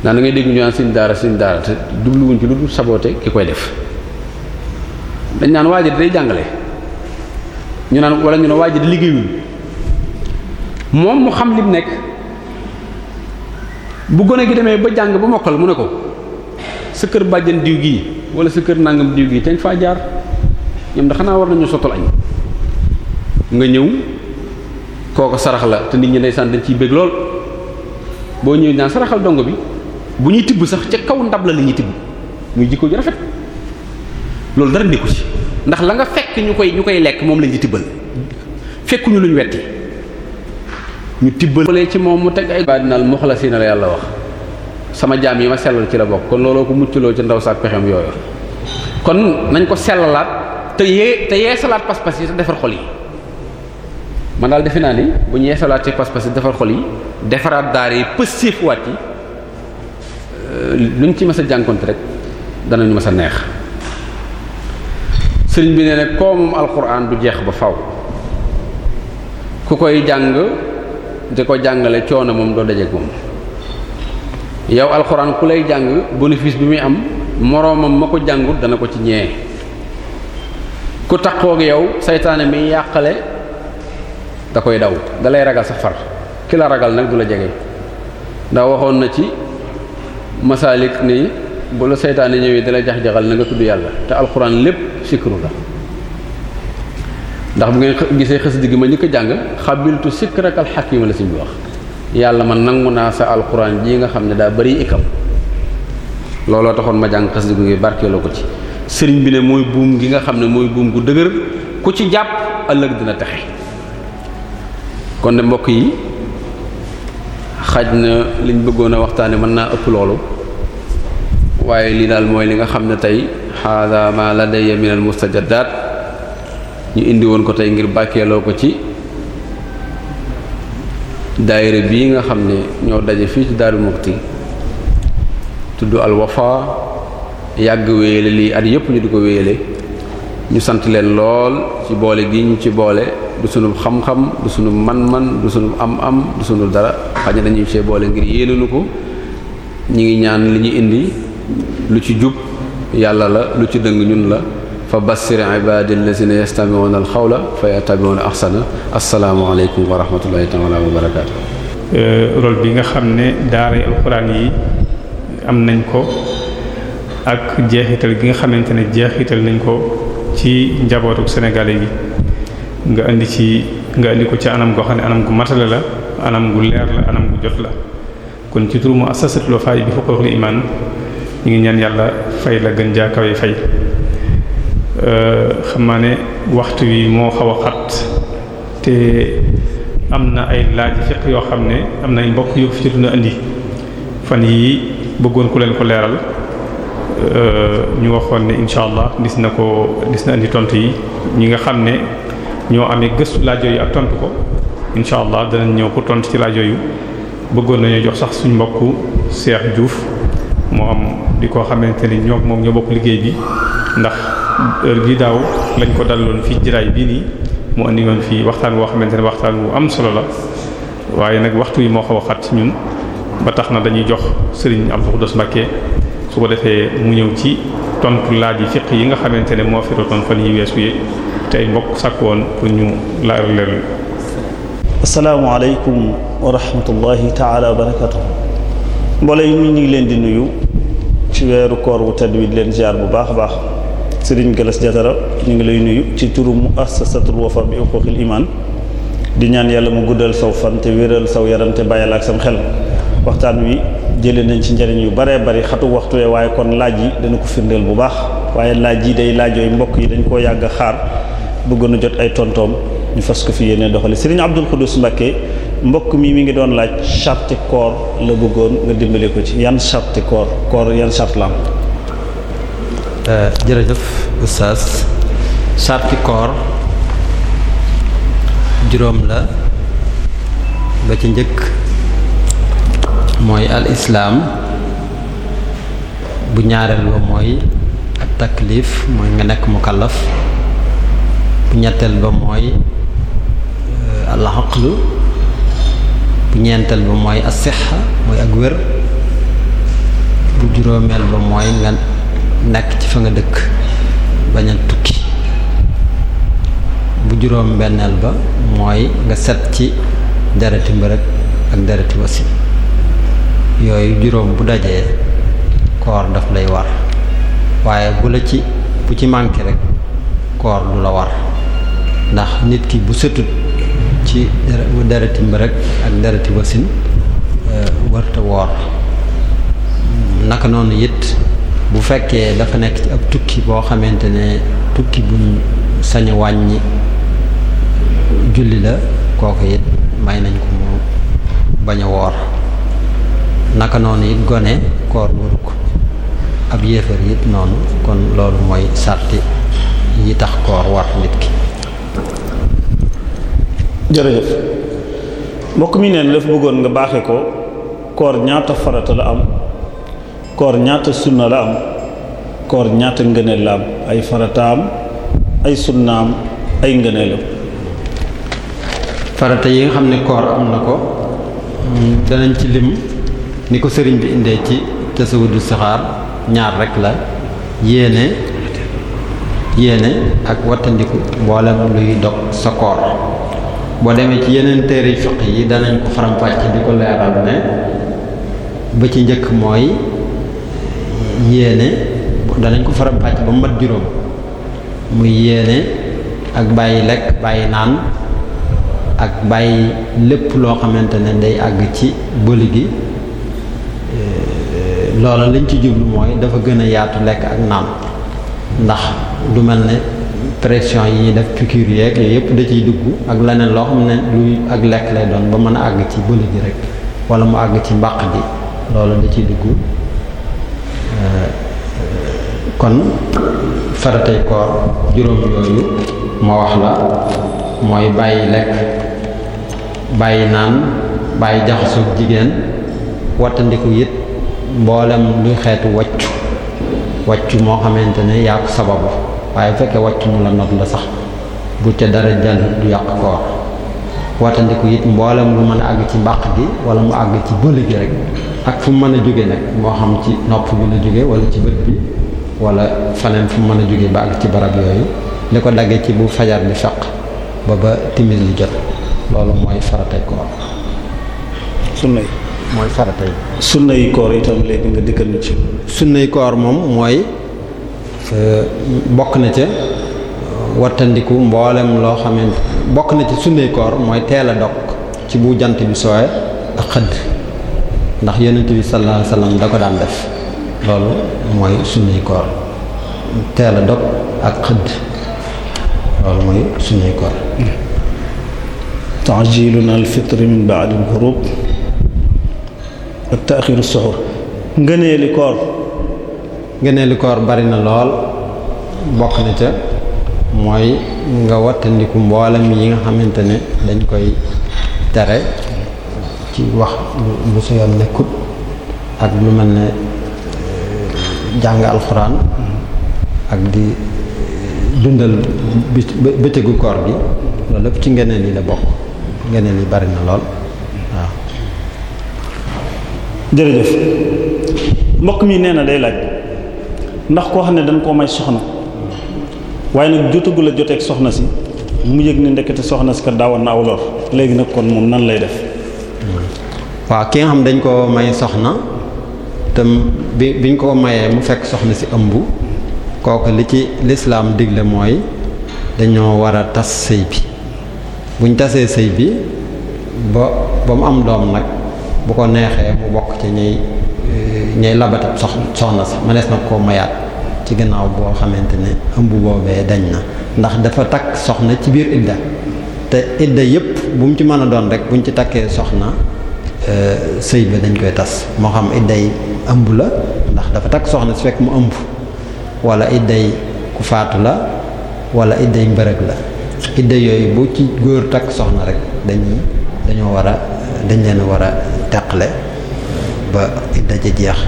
ndax ngay dégg ñu naan seen daara seen daara te jubluwuñ ci lu dul saboote ki koy def. dañ naan waa ji day jàngale ñu naan walla ñu ne waa ji liggéeyul moom mu xam lim nekk bu gone gi demee ba jàng ba mokkal mu ne ko sa kër bàjjan diw gii wala sa kër nangam diw gii teñ faa jaar ñoom da xanaa war nañu sottal añ nga ñëw kooko sarax la te nit ñi ndeysaan dañ ciy bëgg lool boo ñëwee naan saraxal dongo bi bu ñuy tibb sax ca kaw ndab la li ñuy tibb muy jikko ju rafet loolu dara nekku ci ndax la nga fekk ñu koy ñu koy lekk moom lañ di tibbal fekkuñu lu ñu wetti ñu tibbalee ci moom mu teg ay badinal muxlasina la yàlla wax sama jaam yi ma sellal ci la bokk kon looloo ko muccloo ci ndaw saak pexem yooyu kon nañ ko sellalaat te yee te yeesalaat pas-pas yi te defar xol yi man daal defe naa ni bu ñu yeesalaatee pas-pas yi defar xol yi defaraat daar yi pëstéef waat yi euh, luñ ci mës a jànkonte rek danañu mës a neex sëriñ bi nee ne koo moom alxuraan du jeex ba faw ku koy jàng di ko jàngale coono moom doo dajeek moom yow alxuraan ku lay jàng bénéfice bi muy am moroomam ma ko jàngut dana ko ci ñee ku taqoog yow seytaane mi yàqale da koy daw dalay ragal sa far ki la ragal nag du la jege ndax waxoon na ci masaalik ni bu la seytaane ñëwee di jax-jaxal na nga tudd yàlla te alxuraan lépp sikru la ndax bu ngeen gisee xës digg ma ñi ko jàng xabiltu sikrakal xakima la suñu wax yàlla man nangu naa sa alxuraan ji nga xam ne daa bari ikam looloo taxoon ma jàng xës digg gi barkeeloo ko ci sëriñ bi ne mooy buum gi nga xam ne mooy buum gu dëgër ku ci jàpp ëllëg dina texe kon de mbokk yi xaj na liñ bëggoon a waxtaane mën naa ëpp loolu waaye lii daal mooy li nga xam ne tey hada ma ladayya min al mustajaddat ñu indi woon ko tey ngir bàkkeeloo ko ci daayira bii nga xam ne ñoo daje fii ci Daaru Mukti tudd al wafa yàgg wéyale lii at yépp ñu di ko wéyale ñu sant leen lool ci boole gi ñu ci boole du sunu xam-xam du sunu man-man du sunu am-am du sunu dara xañ dañuy cee boole ngir yéenanu ko ñi ngi ñaan li ñu indi lu ci jub yàlla la lu ci dëng ñun la fa bassir ibadi allazina yastami'una alxawla fa yattabi'una ahsana assalaamu aleykum wa rahmatullahi ta'ala wa barakatuh euh, rôle bi nga xam ne daara alxuraan yi am nañ ko ak jeexital gi nga xamante ne jeexital nañ ko ci njabootu sénégalais yi nga indi ci nga indi ko ci anam goo xam ne anam gu matale la anam gu leer la anam gu jot la kon ci turu mu assasatul Wafa bi fuqul iman ñu ngi ñaan yàlla fay la gën jaa kawe fay euh, xam ne waxtu wi moo xaw a xat te am na ay laaj fiq yoo xam ne am na ay mbokk yu fi jot na indi fan yi bëggoon ku leen ko leeral euh, ñu waxoon ne incha allah dis na ko dis na indi tont yi ñi nga xam ne ñoo amee gëstu laaj yooyu ak tontu ko incha allah danañ ñëw ko tontu ci laaj yooyu bëggoon nañu jox sax suñ mbokk Cheikh Diouf. moo am di ko xamante ni ñoo moom ñoo bokk liggéey bi ndax heure bii daaw lañ ko dalloon fii jiraay bii nii mu andi woon fii waxtaan woo xamante ne waxtaan wu am solo la waaye nag waxtu yi moo xaw a ci ñun ba tax na dañuy jox sëriñ Abdou Khoudoss Mbacké su ko defee mu ñëw ci tontu laaj yi fiq yi nga xamante ne moo fi doon fan yi weesu yi tey mbokk sàkk woon pour ñu laal leen. asalaamaaleykum wa rahmatullahi taala wa barakatuh mbooloo yi ñu ngi leen di nuyu. ci weeru koor wu tedd wi di leen ziar bu baax a baax sëriñ Galas Jatara ñu ngi lay nuyu ci turu muassasatul Wafa bi uquqil iman di ñaan yàlla mu guddal saw fan te wéral saw yaram te bàyyal ak sam xel waxtaan wi jëlee nañ ci njariñ yu baree bari xatu waxtu waaye kon laaj yi dana ko firndeel bu baax waaye laaj yi day laaj yooyu mbokk yi dañ koo yàgg a xaar bëggoon a jot ay tontoom ñu fas ko fi yéene doxale Serigne Abdul Xudus Mbakke mbokk mi mi ngi doon laaj charte koor la bëggoon nga dimbale ko ci yan charte koor koor yan euh, jërëjëf oustaz charte juróom la ba ci njëkk mooy al islaam bu ñaareel ba mooy ak taklif mooy nga nekk mukallaf bu ñetteel ba mooy euh, laxaqlu bu ñeenteel ba mooy asixa mooy ak wér bu juróomeel ba mooy nga nekk ci fa nga dëkk bañ tukki bu juróom benneel ba mooy nga set ci dereti mbërëg ak dereti wasin yooyu juróom bu dajee koor daf lay war waaye bu la ci bu ci manqué rek koor du la war ndax nit ki bu sëtut ci dereti mbërëg ak dereti wasin euh, wërta woor naka noonu it bu fekkee dafa nekk ci ab tukki boo xamante ne tukki buñ sañ wàññi julli la kooku it may nañ ko mu bañ woor naka noonu it gone koor waru ko ab yéefar it noonu kon loolu mooy sarti yi tax koor war nit ki jërëjëf mbokk mi neen la fi bëggoon nga baaxe ko koor ñaata farata la am koor ñaata sunna la am koor ñaata ngëneel la am ay farataam ay sunnaam ay ngëneelam farata yi nga xam ne koor am na ko mm, danañ ci lim ni ko sëriñ bi indee ci tasawudu saxaar ñaar rekk la yéene yéene ak wattandiku mboolem luy dog sa boo demee ci yeneen téere fiq yi danañ ko faram-fàcc di ko leeral ne ba ci njëkk mooy yéene danañ ko farampàcc fàcc ba mu mat juróom muy yéene ak bàyyi lekk bàyyi naan ak bàyyi lépp loo xamante ne ndey àgg ci bëli gi loola liñ ci jublu mooy dafa gën a yaatu lekk ak naan ndax lu mel ne pression yi ñuy def piqûre yeeg yooyu yëpp da ciy dugg ak leneen loo xam ne luy ak lekk lay doon ba mën a àgg ci bële ji rek wala mu àgg ci mbaq gi loolu da ciy dugg kon faratay koor juróom yooyu ma wax la mooy bàyyi lekk bàyyi naan bàyyi jaxasoo jigéen wattandiku it mboolem luy xeetu waccu waccu moo xamante ne yaa ko sababu waaye fekke wàccuñu la noot la sax bu ca dara jàll du yàq koor watandiku it mboolem lu mën a àgg ci mbàq gi wala mu àgg ci bële gi rek ak fu mu mën a jóge nag moo xam ci nopp bi la jóge wala ci bët bi wala faneen fu mën a jóge ba àgg ci barab yooyu li ko daggee ci bu fajar bi fekk ba ba timis yi jot loolu mooy faratay koor sunna yi mooy faratay sunna yi koor itam léegi nga dikkal ñu ci sunna yi koor moom mooy Euh, bokk na ca wattandiku mboolem loo xamante bokk na ci sunnay koor mooy teel a dog ci bu jant bi sooyee ak xëdd ndax yonent bi sallallahu alayhi wasallam da ko daan def loolu mooy sunnay koor teel a dog ak xëdd loolu mooy al fitr min ba'd al ghurub at ta'khir as-suhur ngëneeli koor ngëneelu koor bari na lool bokk na ca mooy nga wattandiku mboolem yi nga xamante ne dañ koy tere ci wax bu sa yoon nekkut ak lu mel ne eh, jàng alxuraan ak di eh, dundal bëccëgu koor bi loolu lépp ci ngeneen yi la bokk ngeneen yi bari na lool waaw jërëjëf mbokk mi nee na day laaj ndax koo xam ne dañ koo may soxna waaye nag a la joteeg soxna si mu yëg ne ndekete soxna si kat daawoon na aw lor léegi nag kon moom nan lay def. waaw ki nga xam dañ koo may soxna te bi biñ ko mayee mu fekk soxna si ëmb kooku li ci lislaam digle mooy dañoo war a tas sëy bi buñ tasee sëy bi ba ba mu am doom nag bu ko neexee mu bokk ci ñuy. ngay labatab sox soxna sax mënees na koo mayaat ci gannaaw boo xamante ne ëmb boobee dañ na ndax dafa takk soxna ci biir idda te idda yëpp bu mu ci mën a doon rek buñ ci takkee soxna euh, sëy ba dañ koy tas moo xam idday ëmb la ndax dafa takk soxna su fekk mu ëmb wala idday ku faatu la wala idday mbërëg la idda yooyu bu ci góor takk soxna rek dañuy dañoo war a dañ leen war a teqale ba idda ja jeex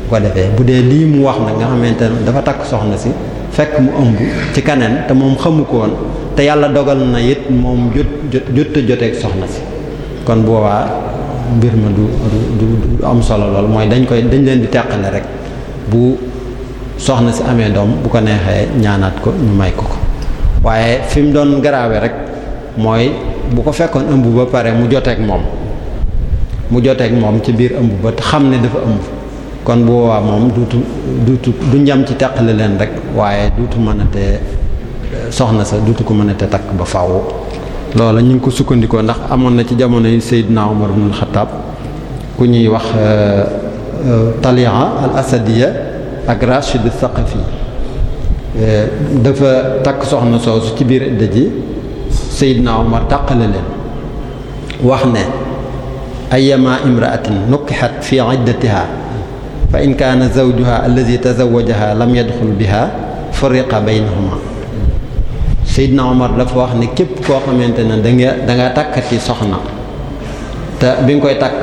bu ko defee bu dee lii mu wax nag nga xamante ne dafa takk soxna si fekk mu ëmb ci kaneen te moom xamu ko te yàlla dogal na it moom jot jot jot a joteeg soxna si kon boobaa mbir ma du am solo lool mooy dañ koy dañ leen di teqale rek bu soxna si amee doom bu ko neexee ñaanaat ko ñu may ko ko waaye fi doon garaawee rek mooy bu ko fekkoon ëmb ba pare mu joteeg moom. mu joteeg moom ci biir ëmb ba xam ne dafa ëmb kon bu boobaa moom duutu duutu du njam ci teqale leen rek waaye duutu mën a te euh, soxna sa duutu ko mën a te takk ba faaw loola ñu ngi ko sukkandikoo ndax amoon na ci jamono yi Seydina Omar ibn Khattab ku ñuy wax euh, euh, Talia al Asadiya ak Rashid Saqafi dafa takk soxna soosu ci biir idda ji Seydina Omar tàqale leen wax ne ayama imraatin nukkixat fi iddatiha fa in kaana zawjuha allazi tazawajaha lam yadxul biha fariqa baynahuma seydna omar dafa wax ne képp koo xamante ne danga danga takkati soxna te bi nga koy takk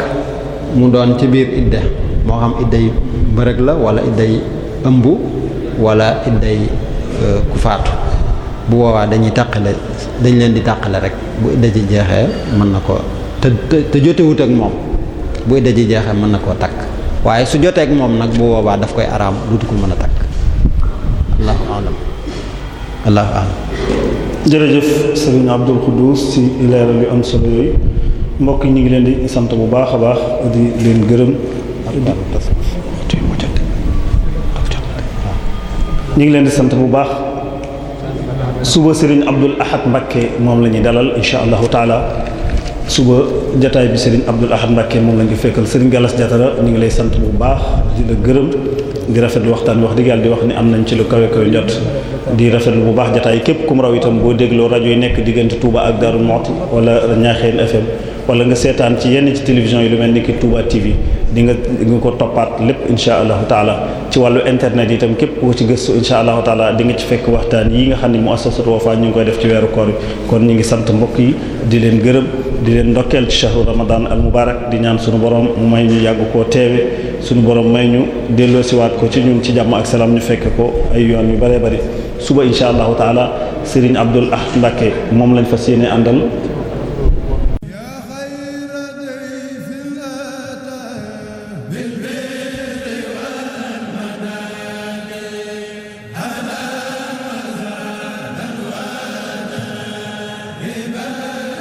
mu doon ci biir idda moo xam idday mbërëg la wala idday ëmb wala idday euh, kufaatu bu boobaa dañuy tàqale dañ leen di tàqale rek bu idda ci jeexee mën na ko te te jotewut ak moom buy daji jeexe mën na koo takk waaye su jotee ak moom nag bu boobaa daf koy araam dutu ko mën a takk allahu alam allahu alam jërëjëf sëriñ Abdul Xuddus ci leeral yu am solo yooyu mbokk ñu ngi leen di sant bu baax a baax di gërëm ñu ngi leen di sant bu baax suba sëriñ Abdul Ahad Mbakke moom la ñuy dalal insha allahu taala suba jataay bi Serigne Abdoul Ahad Mbacké moom lañ ko fekkal Serigne Gallas Diatara ñu ngi lay sant bu baax di la gërëm di rafetlu waxtaan wax dëgg yàlla di wax ni am nañ ci lu kawe kawe njot di rafetlu bu baax jataay képp kum raw itam boo dégloo rajo yi nekk diggante Touba ak Darou Moukhty wala Niakhène FM wala nga seetaan ci yenn ci télévision yi lu mel ni ki Touba TV di nga ko toppaat lépp incha allahu taala ci wàllu internet yi itam képp ko ci gëstu incha allahu taala di nga ci fekk waxtaan yi nga xam ne muassasatu Wafa ñu koy def ci weeru kon ñu ngi sant mbokk yi di leen gërëm di leen ndokkeel ci shahru ramadan al mubarak di ñaan suñu borom mu may yàgg koo teewe suñu borom may ñu delloo siwaat ko ci ñun ci jàmm ak salaam ñu fekk ko ay yoon yu bëree bëri suba incha allahu taala Serigne Abdoul Ah Mbacké moom lañ fas yéene àndal